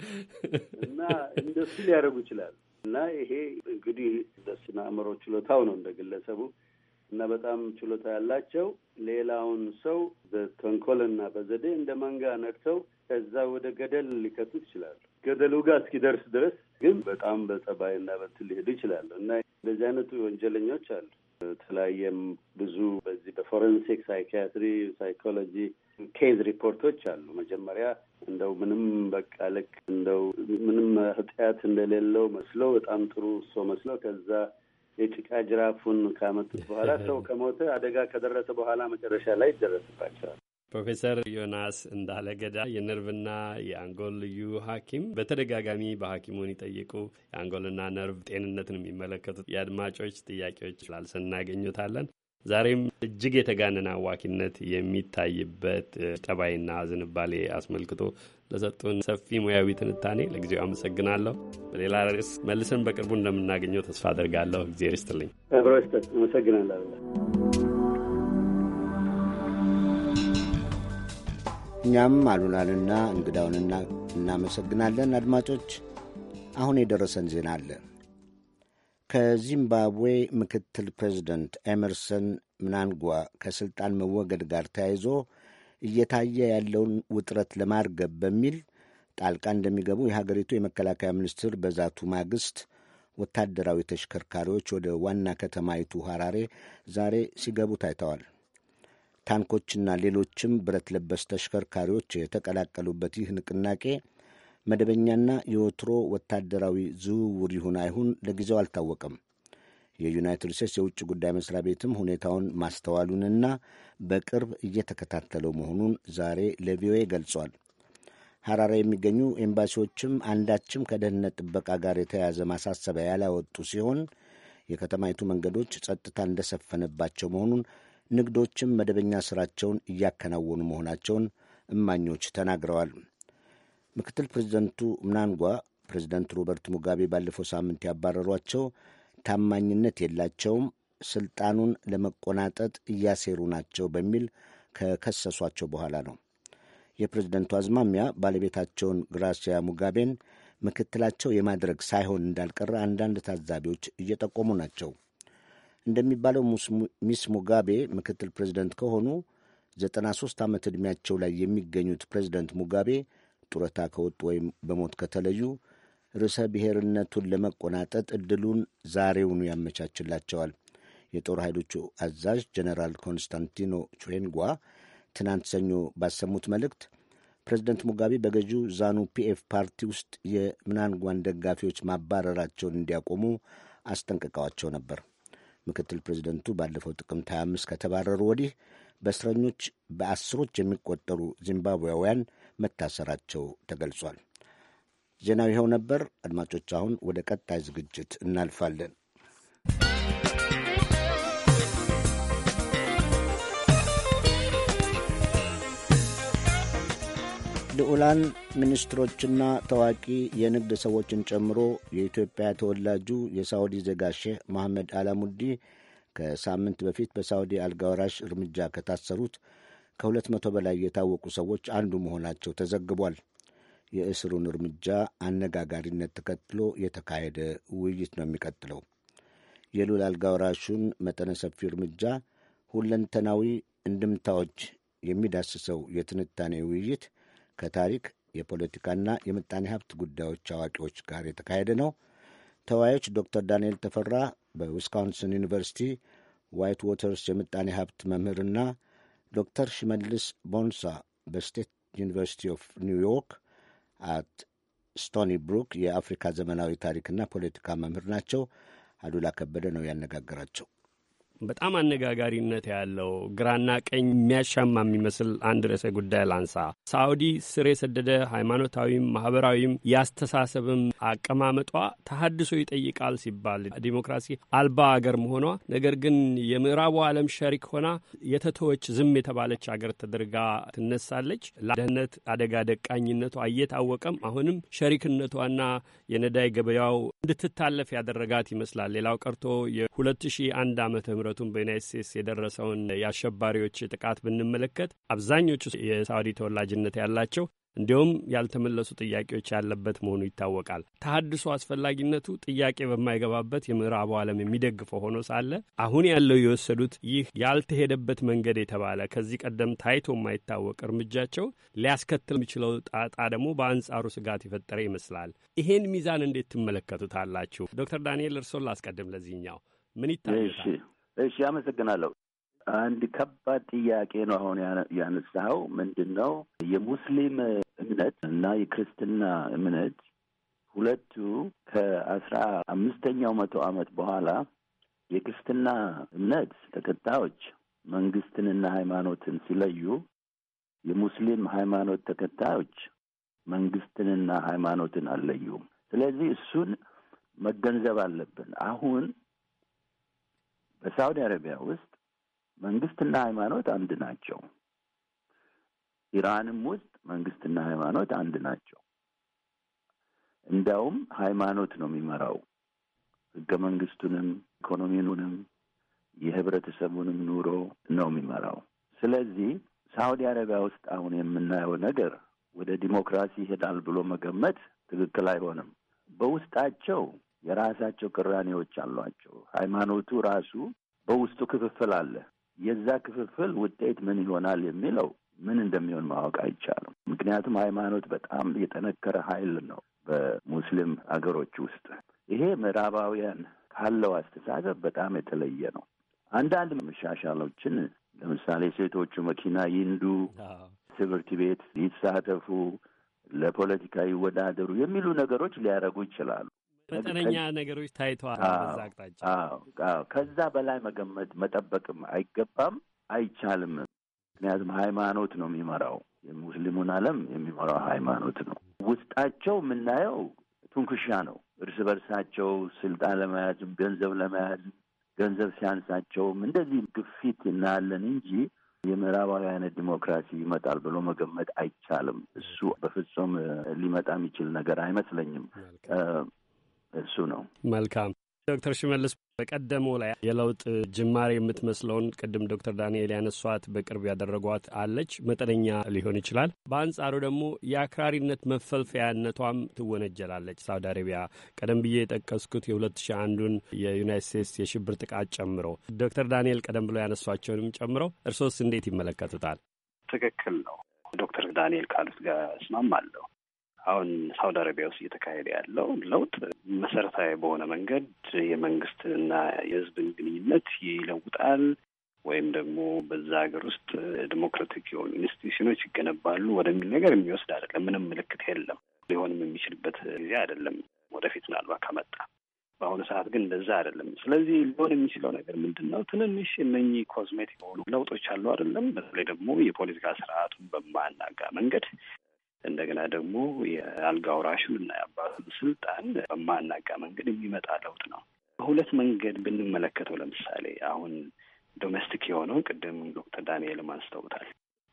እና እንደሱ ሊያደርጉ ይችላል። እና ይሄ እንግዲህ በስነ አእምሮ ችሎታው ነው እንደ ግለሰቡ እና በጣም ችሎታ ያላቸው ሌላውን ሰው በተንኮልና በዘዴ እንደ መንጋ ነድተው ከዛ ወደ ገደል ሊከቱ ይችላሉ። ገደሉ ጋር እስኪደርስ ድረስ ግን በጣም በጸባይና በትል ሊሄዱ ይችላሉ እና እንደዚህ አይነቱ ወንጀለኞች አሉ። በተለያየም ብዙ በዚህ በፎረንሲክ ሳይኪያትሪ ሳይኮሎጂ ኬዝ ሪፖርቶች አሉ። መጀመሪያ እንደው ምንም በቃ ልክ እንደው ምንም ኃጢአት እንደሌለው መስሎ በጣም ጥሩ ሰው መስሎ ከዛ የጭቃ ጅራፉን ካመጡት በኋላ ሰው ከሞተ አደጋ ከደረሰ በኋላ መጨረሻ ላይ ይደረስባቸዋል። ፕሮፌሰር ዮናስ እንዳለ ገዳ የነርቭና የአንጎል ልዩ ሐኪም በተደጋጋሚ በሐኪሙን ይጠይቁ የአንጎልና ነርቭ ጤንነትን የሚመለከቱ የአድማጮች ጥያቄዎች ላልሰን እናገኙታለን። ዛሬም እጅግ የተጋነነ አዋኪነት የሚታይበት ጠባይና ዝንባሌ አስመልክቶ ለሰጡን ሰፊ ሙያዊ ትንታኔ ለጊዜው አመሰግናለሁ። በሌላ ርዕስ መልሰን በቅርቡ እንደምናገኘው ተስፋ አድርጋለሁ። እግዜር ይስጥልኝ። ይስጥ። አመሰግናለሁ። እኛም አሉላንና እንግዳውንና እናመሰግናለን። አድማጮች፣ አሁን የደረሰን ዜና አለ። ከዚምባብዌ ምክትል ፕሬዚደንት ኤመርሰን ምናንጓ ከሥልጣን መወገድ ጋር ተያይዞ እየታየ ያለውን ውጥረት ለማርገብ በሚል ጣልቃ እንደሚገቡ የሀገሪቱ የመከላከያ ሚኒስትር በዛቱ ማግስት ወታደራዊ ተሽከርካሪዎች ወደ ዋና ከተማይቱ ሐራሬ ዛሬ ሲገቡ ታይተዋል። ታንኮችና ሌሎችም ብረት ለበስ ተሽከርካሪዎች የተቀላቀሉበት ይህ ንቅናቄ መደበኛና የወትሮ ወታደራዊ ዝውውር ይሁን አይሁን ለጊዜው አልታወቀም። የዩናይትድ ስቴትስ የውጭ ጉዳይ መስሪያ ቤትም ሁኔታውን ማስተዋሉንና በቅርብ እየተከታተለው መሆኑን ዛሬ ለቪኦኤ ገልጿል። ሐራራ የሚገኙ ኤምባሲዎችም አንዳችም ከደህንነት ጥበቃ ጋር የተያያዘ ማሳሰቢያ ያላወጡ ሲሆን የከተማይቱ መንገዶች ጸጥታ እንደሰፈነባቸው መሆኑን ንግዶችም መደበኛ ስራቸውን እያከናወኑ መሆናቸውን እማኞች ተናግረዋል። ምክትል ፕሬዚደንቱ ምናንጓ ፕሬዚደንት ሮበርት ሙጋቤ ባለፈው ሳምንት ያባረሯቸው ታማኝነት የላቸውም፣ ስልጣኑን ለመቆናጠጥ እያሴሩ ናቸው በሚል ከከሰሷቸው በኋላ ነው። የፕሬዝደንቱ አዝማሚያ ባለቤታቸውን ግራሲያ ሙጋቤን ምክትላቸው የማድረግ ሳይሆን እንዳልቀረ አንዳንድ ታዛቢዎች እየጠቆሙ ናቸው። እንደሚባለው ሚስ ሙጋቤ ምክትል ፕሬዚደንት ከሆኑ 93 ዓመት ዕድሜያቸው ላይ የሚገኙት ፕሬዚደንት ሙጋቤ ጡረታ ከወጡ ወይም በሞት ከተለዩ ርዕሰ ብሔርነቱን ለመቆናጠጥ ዕድሉን ዛሬውኑ ያመቻችላቸዋል። የጦር ኃይሎቹ አዛዥ ጀነራል ኮንስታንቲኖ ቹዌንጓ ትናንት ሰኞ ባሰሙት መልእክት ፕሬዚደንት ሙጋቤ በገዢው ዛኑ ፒኤፍ ፓርቲ ውስጥ የምናንጓን ደጋፊዎች ማባረራቸውን እንዲያቆሙ አስጠንቅቀዋቸው ነበር። ምክትል ፕሬዚደንቱ ባለፈው ጥቅምት 25 ከተባረሩ ወዲህ በእስረኞች በአስሮች የሚቆጠሩ ዚምባብዌያውያን መታሰራቸው ተገልጿል። ዜናው ይኸው ነበር። አድማጮች፣ አሁን ወደ ቀጣይ ዝግጅት እናልፋለን። ልዑላን ሚኒስትሮችና ታዋቂ የንግድ ሰዎችን ጨምሮ የኢትዮጵያ ተወላጁ የሳውዲ ዜጋ ሼህ መሐመድ አላሙዲ ከሳምንት በፊት በሳውዲ አልጋወራሽ እርምጃ ከታሰሩት ከሁለት መቶ በላይ የታወቁ ሰዎች አንዱ መሆናቸው ተዘግቧል። የእስሩን እርምጃ አነጋጋሪነት ተከትሎ የተካሄደ ውይይት ነው የሚቀጥለው። የልዑል አልጋወራሹን መጠነ ሰፊ እርምጃ ሁለንተናዊ እንድምታዎች የሚዳስሰው የትንታኔ ውይይት ከታሪክ የፖለቲካና የምጣኔ ሀብት ጉዳዮች አዋቂዎች ጋር የተካሄደ ነው። ተወያዮች ዶክተር ዳንኤል ተፈራ በዊስኮንሲን ዩኒቨርሲቲ ዋይት ዎተርስ የምጣኔ ሀብት መምህርና ዶክተር ሽመልስ ቦንሳ በስቴት ዩኒቨርሲቲ ኦፍ ኒውዮርክ አት ስቶኒ ብሩክ የአፍሪካ ዘመናዊ ታሪክና ፖለቲካ መምህር ናቸው። አሉላ ከበደ ነው ያነጋገራቸው። በጣም አነጋጋሪነት ያለው ግራና ቀኝ የሚያሻማ የሚመስል አንድ ርዕሰ ጉዳይ ላንሳ። ሳዑዲ ስር የሰደደ ሃይማኖታዊም ማህበራዊም የአስተሳሰብም አቀማመጧ ተሀድሶ ይጠይቃል ሲባል ዲሞክራሲ አልባ አገር መሆኗ ነገር ግን የምዕራቡ ዓለም ሸሪክ ሆና የተተወች ዝም የተባለች አገር ተደርጋ ትነሳለች። ለደህንነት አደጋ ደቃኝነቷ እየታወቀም አሁንም ሸሪክነቷና የነዳይ ገበያው እንድትታለፍ ያደረጋት ይመስላል። ሌላው ቀርቶ የ2001 ዓ ም ህብረቱን በዩናይት ስቴትስ የደረሰውን የአሸባሪዎች ጥቃት ብንመለከት አብዛኞቹ የሳውዲ ተወላጅነት ያላቸው እንዲሁም ያልተመለሱ ጥያቄዎች ያለበት መሆኑ ይታወቃል። ተሀድሶ አስፈላጊነቱ ጥያቄ በማይገባበት የምዕራቡ ዓለም የሚደግፈው ሆኖ ሳለ አሁን ያለው የወሰዱት ይህ ያልተሄደበት መንገድ የተባለ ከዚህ ቀደም ታይቶ የማይታወቅ እርምጃቸው ሊያስከትል የሚችለው ጣጣ ደግሞ በአንጻሩ ስጋት የፈጠረ ይመስላል። ይሄን ሚዛን እንዴት ትመለከቱታላችሁ? ዶክተር ዳንኤል እርሶን ላስቀድም። ለዚህኛው ምን ይታል እሺ፣ አመሰግናለሁ። አንድ ከባድ ጥያቄ ነው አሁን ያነሳኸው። ምንድን ነው የሙስሊም እምነት እና የክርስትና እምነት ሁለቱ ከአስራ አምስተኛው መቶ ዓመት በኋላ የክርስትና እምነት ተከታዮች መንግስትንና ሃይማኖትን ሲለዩ የሙስሊም ሃይማኖት ተከታዮች መንግስትንና ሃይማኖትን አልለዩም። ስለዚህ እሱን መገንዘብ አለብን። አሁን በሳውዲ አረቢያ ውስጥ መንግስትና ሃይማኖት አንድ ናቸው። ኢራንም ውስጥ መንግስትና ሃይማኖት አንድ ናቸው። እንዲያውም ሃይማኖት ነው የሚመራው ህገ መንግስቱንም ኢኮኖሚውንም የህብረተሰቡንም ኑሮ ነው የሚመራው። ስለዚህ ሳውዲ አረቢያ ውስጥ አሁን የምናየው ነገር ወደ ዲሞክራሲ ይሄዳል ብሎ መገመት ትክክል አይሆንም። በውስጣቸው የራሳቸው ቅራኔዎች አሏቸው። ሃይማኖቱ ራሱ በውስጡ ክፍፍል አለ። የዛ ክፍፍል ውጤት ምን ይሆናል የሚለው ምን እንደሚሆን ማወቅ አይቻልም። ምክንያቱም ሃይማኖት በጣም የጠነከረ ኃይል ነው በሙስሊም አገሮች ውስጥ። ይሄ ምዕራባውያን ካለው አስተሳሰብ በጣም የተለየ ነው። አንዳንድ መሻሻሎችን ለምሳሌ ሴቶቹ መኪና ይንዱ፣ ትምህርት ቤት ይሳተፉ፣ ለፖለቲካ ይወዳደሩ የሚሉ ነገሮች ሊያደርጉ ይችላሉ። ፈጠረኛ ነገሮች ታይተዋል። በዛ አቅጣጫ ከዛ በላይ መገመት መጠበቅም አይገባም አይቻልም። ምክንያቱም ሃይማኖት ነው የሚመራው የሙስሊሙን ዓለም የሚመራው ሃይማኖት ነው። ውስጣቸው የምናየው ቱንክሻ ነው። እርስ በርሳቸው ስልጣን ለመያዝም ገንዘብ ለመያዝም ገንዘብ ሲያንሳቸውም እንደዚህ ግፊት እናያለን እንጂ የምዕራባዊ አይነት ዲሞክራሲ ይመጣል ብሎ መገመት አይቻልም። እሱ በፍጹም ሊመጣ የሚችል ነገር አይመስለኝም። እሱ ነው። መልካም ዶክተር ሽመልስ በቀደሙ ላይ የለውጥ ጅማሬ የምትመስለውን ቅድም ዶክተር ዳንኤል ያነሷት በቅርብ ያደረጓት አለች። መጠነኛ ሊሆን ይችላል። በአንጻሩ ደግሞ የአክራሪነት መፈልፈያነቷም ትወነጀላለች። ሳውዲ አረቢያ ቀደም ብዬ የጠቀስኩት የ2001ዱን የዩናይት ስቴትስ የሽብር ጥቃት ጨምሮ ዶክተር ዳንኤል ቀደም ብሎ ያነሷቸውንም ጨምሮ እርሶስ እንዴት ይመለከቱታል? ትክክል ነው። ዶክተር ዳንኤል ካሉት ጋር እስማማለሁ። አሁን ሳውዲ አረቢያ ውስጥ እየተካሄደ ያለው ለውጥ መሰረታዊ በሆነ መንገድ የመንግስትንና የህዝብን ግንኙነት ይለውጣል ወይም ደግሞ በዛ ሀገር ውስጥ ዲሞክራቲክ የሆኑ ኢንስቲቱሽኖች ይገነባሉ ወደሚል ነገር የሚወስድ አይደለም። ምንም ምልክት የለም። ሊሆንም የሚችልበት ጊዜ አይደለም። ወደፊት ምናልባት ከመጣ በአሁኑ ሰዓት ግን እንደዛ አይደለም። ስለዚህ ሊሆን የሚችለው ነገር ምንድን ነው? ትንንሽ እነኚህ ኮዝሜቲክ የሆኑ ለውጦች አሉ አይደለም። በተለይ ደግሞ የፖለቲካ ስርዓቱን በማናጋ መንገድ እንደገና ደግሞ የአልጋ እና የአባቱ ስልጣን በማናጋ መንገድ የሚመጣ ለውጥ ነው። በሁለት መንገድ ብንመለከተው ለምሳሌ አሁን ዶሜስቲክ የሆነው ቅድም ዶክተር ዳንኤልም አንስተውታል።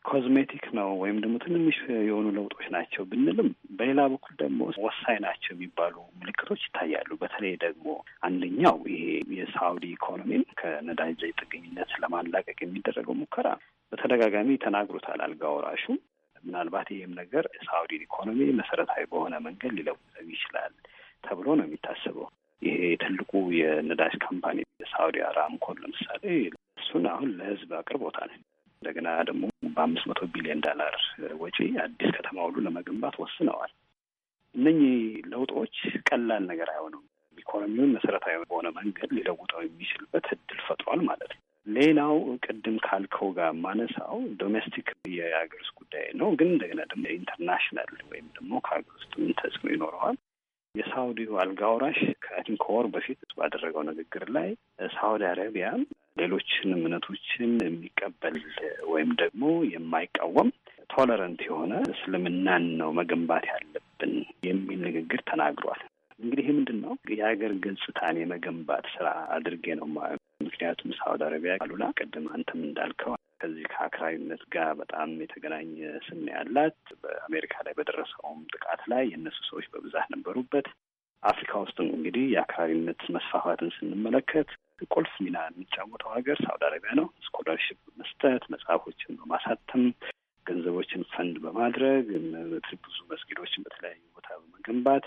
ኮዝሜቲክ ነው ወይም ደግሞ ትንንሽ የሆኑ ለውጦች ናቸው ብንልም በሌላ በኩል ደግሞ ወሳኝ ናቸው የሚባሉ ምልክቶች ይታያሉ። በተለይ ደግሞ አንደኛው ይሄ የሳውዲ ኢኮኖሚን ከነዳጅ ዘይት ጥገኝነት ለማላቀቅ የሚደረገው ሙከራ በተደጋጋሚ ተናግሮታል አልጋ ወራሹ ምናልባት ይህም ነገር ሳውዲን ኢኮኖሚ መሰረታዊ በሆነ መንገድ ሊለውጠው ይችላል ተብሎ ነው የሚታሰበው። ይሄ ትልቁ የነዳጅ ካምፓኒ ሳውዲ አራምኮን ለምሳሌ እሱን አሁን ለህዝብ አቅርቦታል። እንደገና ደግሞ በአምስት መቶ ቢሊዮን ዶላር ወጪ አዲስ ከተማ ሁሉ ለመገንባት ወስነዋል። እነኚህ ለውጦች ቀላል ነገር አይሆኑም። ኢኮኖሚውን መሰረታዊ በሆነ መንገድ ሊለውጠው የሚችልበት እድል ፈጥሯል ማለት ነው። ሌላው ቅድም ካልከው ጋር ማነሳው ዶሜስቲክ የሀገር ውስጥ ጉዳይ ነው፣ ግን እንደገና ደግሞ ኢንተርናሽናል ወይም ደግሞ ከሀገር ውስጥም ተጽዕኖ ይኖረዋል። የሳውዲው አልጋ ወራሽ ከወር በፊት ባደረገው ንግግር ላይ ሳውዲ አረቢያ ሌሎችን እምነቶችን የሚቀበል ወይም ደግሞ የማይቃወም ቶለረንት የሆነ እስልምናን ነው መገንባት ያለብን የሚል ንግግር ተናግሯል። እንግዲህ ምንድን ነው የሀገር ገጽታን የመገንባት ስራ አድርጌ ነው ምክንያቱም ሳውዲ አረቢያ አሉላ ቅድም አንተም እንዳልከው ከዚህ ከአክራሪነት ጋር በጣም የተገናኘ ስም ያላት በአሜሪካ ላይ በደረሰውም ጥቃት ላይ የእነሱ ሰዎች በብዛት ነበሩበት። አፍሪካ ውስጥም እንግዲህ የአክራሪነት መስፋፋትን ስንመለከት ቁልፍ ሚና የሚጫወተው ሀገር ሳውዲ አረቢያ ነው። ስኮላርሽፕ መስጠት፣ መጽሐፎችን በማሳተም ገንዘቦችን ፈንድ በማድረግ ብዙ መስጊዶችን በተለያዩ ቦታ በመገንባት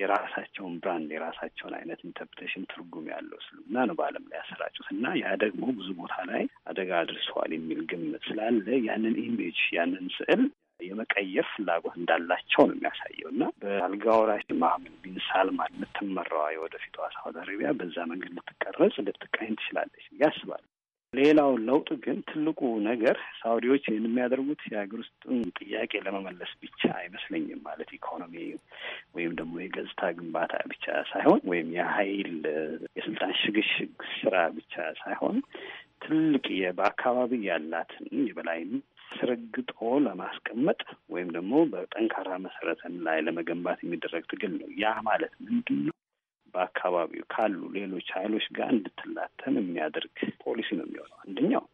የራሳቸውን ብራንድ የራሳቸውን አይነት ኢንተርፕሬሽን ትርጉም ያለው ስልምና ነው በዓለም ላይ ያሰራጩት እና ያ ደግሞ ብዙ ቦታ ላይ አደጋ አድርሰዋል የሚል ግምት ስላለ ያንን ኢሜጅ ያንን ስዕል የመቀየር ፍላጎት እንዳላቸው ነው የሚያሳየው እና በአልጋ ወራሽ መሐመድ ቢን ሳልማን የምትመራዋ የወደፊቷ ሳውዲ አረቢያ በዛ መንገድ ልትቀረጽ ልትቃኝ ትችላለች ያስባል። ሌላው ለውጥ ግን ትልቁ ነገር ሳውዲዎች ይህን የሚያደርጉት የሀገር ውስጥን ጥያቄ ለመመለስ ብቻ አይመስለኝም። ማለት ኢኮኖሚ ወይም ደግሞ የገጽታ ግንባታ ብቻ ሳይሆን ወይም የሀይል የስልጣን ሽግሽግ ስራ ብቻ ሳይሆን ትልቅ በአካባቢ ያላትን የበላይነት ስርግጦ ለማስቀመጥ ወይም ደግሞ በጠንካራ መሰረትን ላይ ለመገንባት የሚደረግ ትግል ነው። ያ ማለት ምንድን ነው? በአካባቢው ካሉ ሌሎች ኃይሎች ጋር እንድትላተም የሚያደርግ ፖሊሲ ነው የሚሆነው። አንደኛው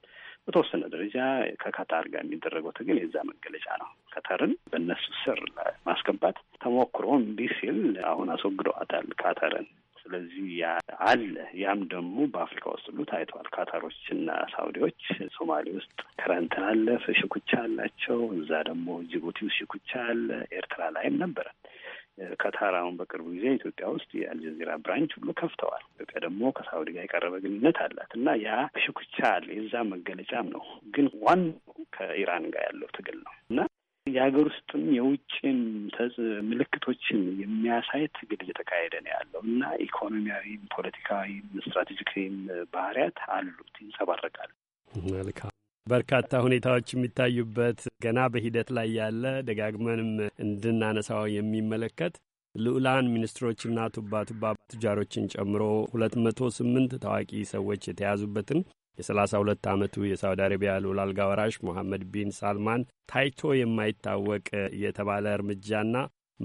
በተወሰነ ደረጃ ከካታር ጋር የሚደረገው ትግል የዛ መገለጫ ነው። ካታርን በእነሱ ስር ማስገባት ተሞክሮ እምቢ ሲል አሁን አስወግደዋታል ካታርን። ስለዚህ ያ አለ። ያም ደግሞ በአፍሪካ ውስጥ ሁሉ ታይተዋል። ካታሮች እና ሳውዲዎች ሶማሌ ውስጥ ከረንትን አለ፣ ሽኩቻ አላቸው። እዛ ደግሞ ጅቡቲ ውስጥ ሽኩቻ አለ። ኤርትራ ላይም ነበረ። ከታራውን በቅርቡ ጊዜ ኢትዮጵያ ውስጥ የአልጀዚራ ብራንች ሁሉ ከፍተዋል። ኢትዮጵያ ደግሞ ከሳውዲ ጋር የቀረበ ግንኙነት አላት እና ያ ሽኩቻ አለ። የዛ መገለጫም ነው። ግን ዋናው ከኢራን ጋር ያለው ትግል ነው እና የሀገር ውስጥም የውጭም ምልክቶችን የሚያሳይ ትግል እየተካሄደ ነው ያለው እና ኢኮኖሚያዊም፣ ፖለቲካዊም፣ ስትራቴጂካዊም ባህሪያት አሉት፣ ይንጸባረቃል። መልካም በርካታ ሁኔታዎች የሚታዩበት ገና በሂደት ላይ ያለ ደጋግመንም እንድናነሳው የሚመለከት ልዑላን ሚኒስትሮችና ቱባ ቱባ ቱጃሮችን ጨምሮ 208 ታዋቂ ሰዎች የተያዙበትን የ32 ዓመቱ የሳውዲ አረቢያ ልዑል አልጋ ወራሽ ሞሐመድ ቢን ሳልማን ታይቶ የማይታወቅ የተባለ እርምጃና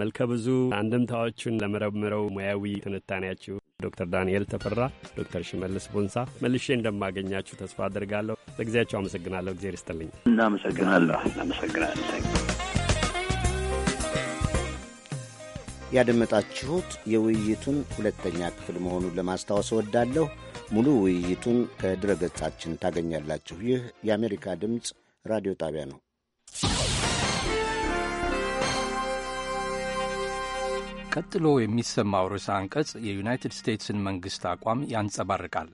መልከ ብዙ አንድምታዎቹን ለመረምረው ሙያዊ ትንታኔያችሁ ዶክተር ዳንኤል ተፈራ፣ ዶክተር ሽመልስ ቦንሳ መልሼ እንደማገኛችሁ ተስፋ አድርጋለሁ። ለጊዜያቸው አመሰግናለሁ። እግዜር ይስጥልኝ። እናመሰግናለሁ። እናመሰግናለሁ። ያደመጣችሁት የውይይቱን ሁለተኛ ክፍል መሆኑን ለማስታወስ እወዳለሁ። ሙሉ ውይይቱን ከድረ ገጻችን ታገኛላችሁ። ይህ የአሜሪካ ድምፅ ራዲዮ ጣቢያ ነው። ቀጥሎ የሚሰማው ርዕሰ አንቀጽ የዩናይትድ ስቴትስን መንግሥት አቋም ያንጸባርቃል።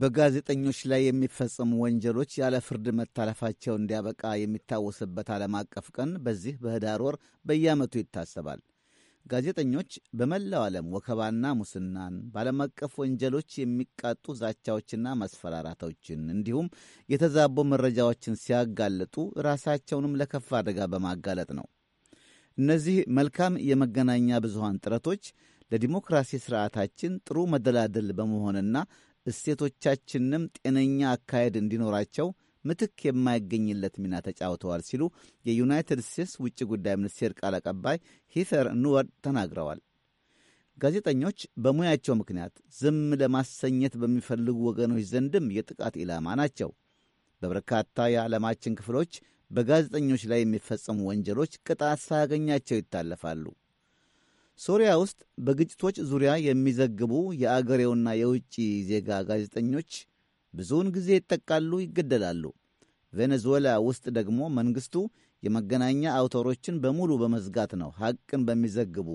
በጋዜጠኞች ላይ የሚፈጸሙ ወንጀሎች ያለ ፍርድ መታለፋቸው እንዲያበቃ የሚታወስበት ዓለም አቀፍ ቀን በዚህ በህዳር ወር በየዓመቱ ይታሰባል። ጋዜጠኞች በመላው ዓለም ወከባና ሙስናን፣ በዓለም አቀፍ ወንጀሎች የሚቃጡ ዛቻዎችና ማስፈራራቶችን እንዲሁም የተዛቡ መረጃዎችን ሲያጋልጡ ራሳቸውንም ለከፍ አደጋ በማጋለጥ ነው። እነዚህ መልካም የመገናኛ ብዙሃን ጥረቶች ለዲሞክራሲ ስርዓታችን ጥሩ መደላደል በመሆንና እሴቶቻችንም ጤነኛ አካሄድ እንዲኖራቸው ምትክ የማይገኝለት ሚና ተጫውተዋል ሲሉ የዩናይትድ ስቴትስ ውጭ ጉዳይ ሚኒስቴር ቃል አቀባይ ሂተር ኑወርድ ተናግረዋል። ጋዜጠኞች በሙያቸው ምክንያት ዝም ለማሰኘት በሚፈልጉ ወገኖች ዘንድም የጥቃት ኢላማ ናቸው። በበርካታ የዓለማችን ክፍሎች በጋዜጠኞች ላይ የሚፈጸሙ ወንጀሎች ቅጣት ሳያገኛቸው ይታለፋሉ። ሶሪያ ውስጥ በግጭቶች ዙሪያ የሚዘግቡ የአገሬውና የውጭ ዜጋ ጋዜጠኞች ብዙውን ጊዜ ይጠቃሉ፣ ይገደላሉ። ቬኔዙዌላ ውስጥ ደግሞ መንግሥቱ የመገናኛ አውታሮችን በሙሉ በመዝጋት ነው ሐቅን በሚዘግቡ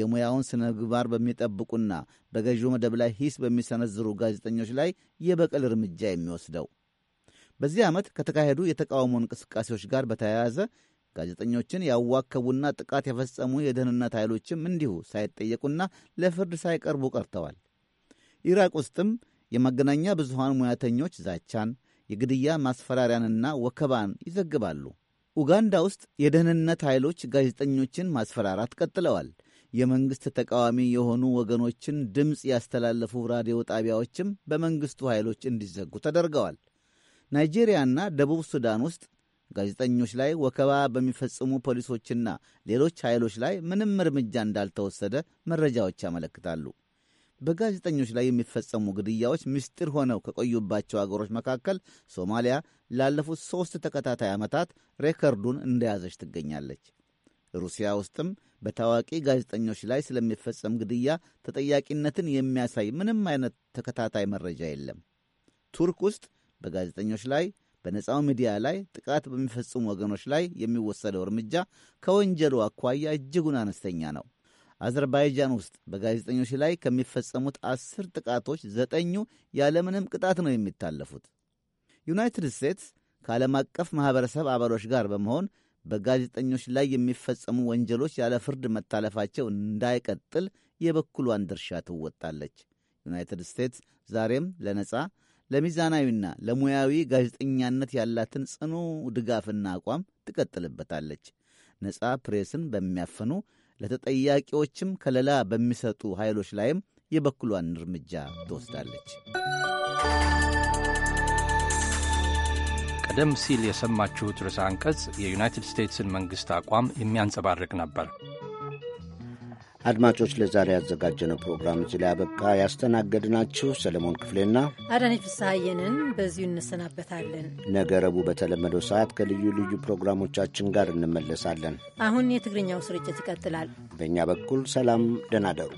የሙያውን ስነ ምግባር በሚጠብቁና በገዢው መደብ ላይ ሂስ በሚሰነዝሩ ጋዜጠኞች ላይ የበቀል እርምጃ የሚወስደው። በዚህ ዓመት ከተካሄዱ የተቃውሞ እንቅስቃሴዎች ጋር በተያያዘ ጋዜጠኞችን ያዋከቡና ጥቃት የፈጸሙ የደህንነት ኃይሎችም እንዲሁ ሳይጠየቁና ለፍርድ ሳይቀርቡ ቀርተዋል። ኢራቅ ውስጥም የመገናኛ ብዙሃን ሙያተኞች ዛቻን፣ የግድያ ማስፈራሪያንና ወከባን ይዘግባሉ። ኡጋንዳ ውስጥ የደህንነት ኃይሎች ጋዜጠኞችን ማስፈራራት ቀጥለዋል። የመንግሥት ተቃዋሚ የሆኑ ወገኖችን ድምፅ ያስተላለፉ ራዲዮ ጣቢያዎችም በመንግሥቱ ኃይሎች እንዲዘጉ ተደርገዋል። ናይጄሪያና ደቡብ ሱዳን ውስጥ ጋዜጠኞች ላይ ወከባ በሚፈጽሙ ፖሊሶችና ሌሎች ኃይሎች ላይ ምንም እርምጃ እንዳልተወሰደ መረጃዎች ያመለክታሉ። በጋዜጠኞች ላይ የሚፈጸሙ ግድያዎች ምስጢር ሆነው ከቆዩባቸው አገሮች መካከል ሶማሊያ ላለፉት ሦስት ተከታታይ ዓመታት ሬከርዱን እንደያዘች ትገኛለች። ሩሲያ ውስጥም በታዋቂ ጋዜጠኞች ላይ ስለሚፈጸም ግድያ ተጠያቂነትን የሚያሳይ ምንም አይነት ተከታታይ መረጃ የለም። ቱርክ ውስጥ በጋዜጠኞች ላይ በነፃው ሚዲያ ላይ ጥቃት በሚፈጽሙ ወገኖች ላይ የሚወሰደው እርምጃ ከወንጀሉ አኳያ እጅጉን አነስተኛ ነው። አዘርባይጃን ውስጥ በጋዜጠኞች ላይ ከሚፈጸሙት አስር ጥቃቶች ዘጠኙ ያለምንም ቅጣት ነው የሚታለፉት። ዩናይትድ ስቴትስ ከዓለም አቀፍ ማኅበረሰብ አባሎች ጋር በመሆን በጋዜጠኞች ላይ የሚፈጸሙ ወንጀሎች ያለ ፍርድ መታለፋቸው እንዳይቀጥል የበኩሏን ድርሻ ትወጣለች። ዩናይትድ ስቴትስ ዛሬም ለነጻ ለሚዛናዊና ለሙያዊ ጋዜጠኛነት ያላትን ጽኑ ድጋፍና አቋም ትቀጥልበታለች። ነጻ ፕሬስን በሚያፈኑ ለተጠያቂዎችም ከለላ በሚሰጡ ኃይሎች ላይም የበኩሏን እርምጃ ትወስዳለች። ቀደም ሲል የሰማችሁት ርዕሰ አንቀጽ የዩናይትድ ስቴትስን መንግሥት አቋም የሚያንጸባርቅ ነበር። አድማጮች ለዛሬ ያዘጋጀነው ፕሮግራም እዚህ ላይ አበቃ። ያስተናገድናችሁ ሰለሞን ክፍሌና አዳነች ፍስሐየንን በዚሁ እንሰናበታለን። ነገ ረቡዕ በተለመደው ሰዓት ከልዩ ልዩ ፕሮግራሞቻችን ጋር እንመለሳለን። አሁን የትግርኛው ስርጭት ይቀጥላል። በእኛ በኩል ሰላም፣ ደህና ደሩ።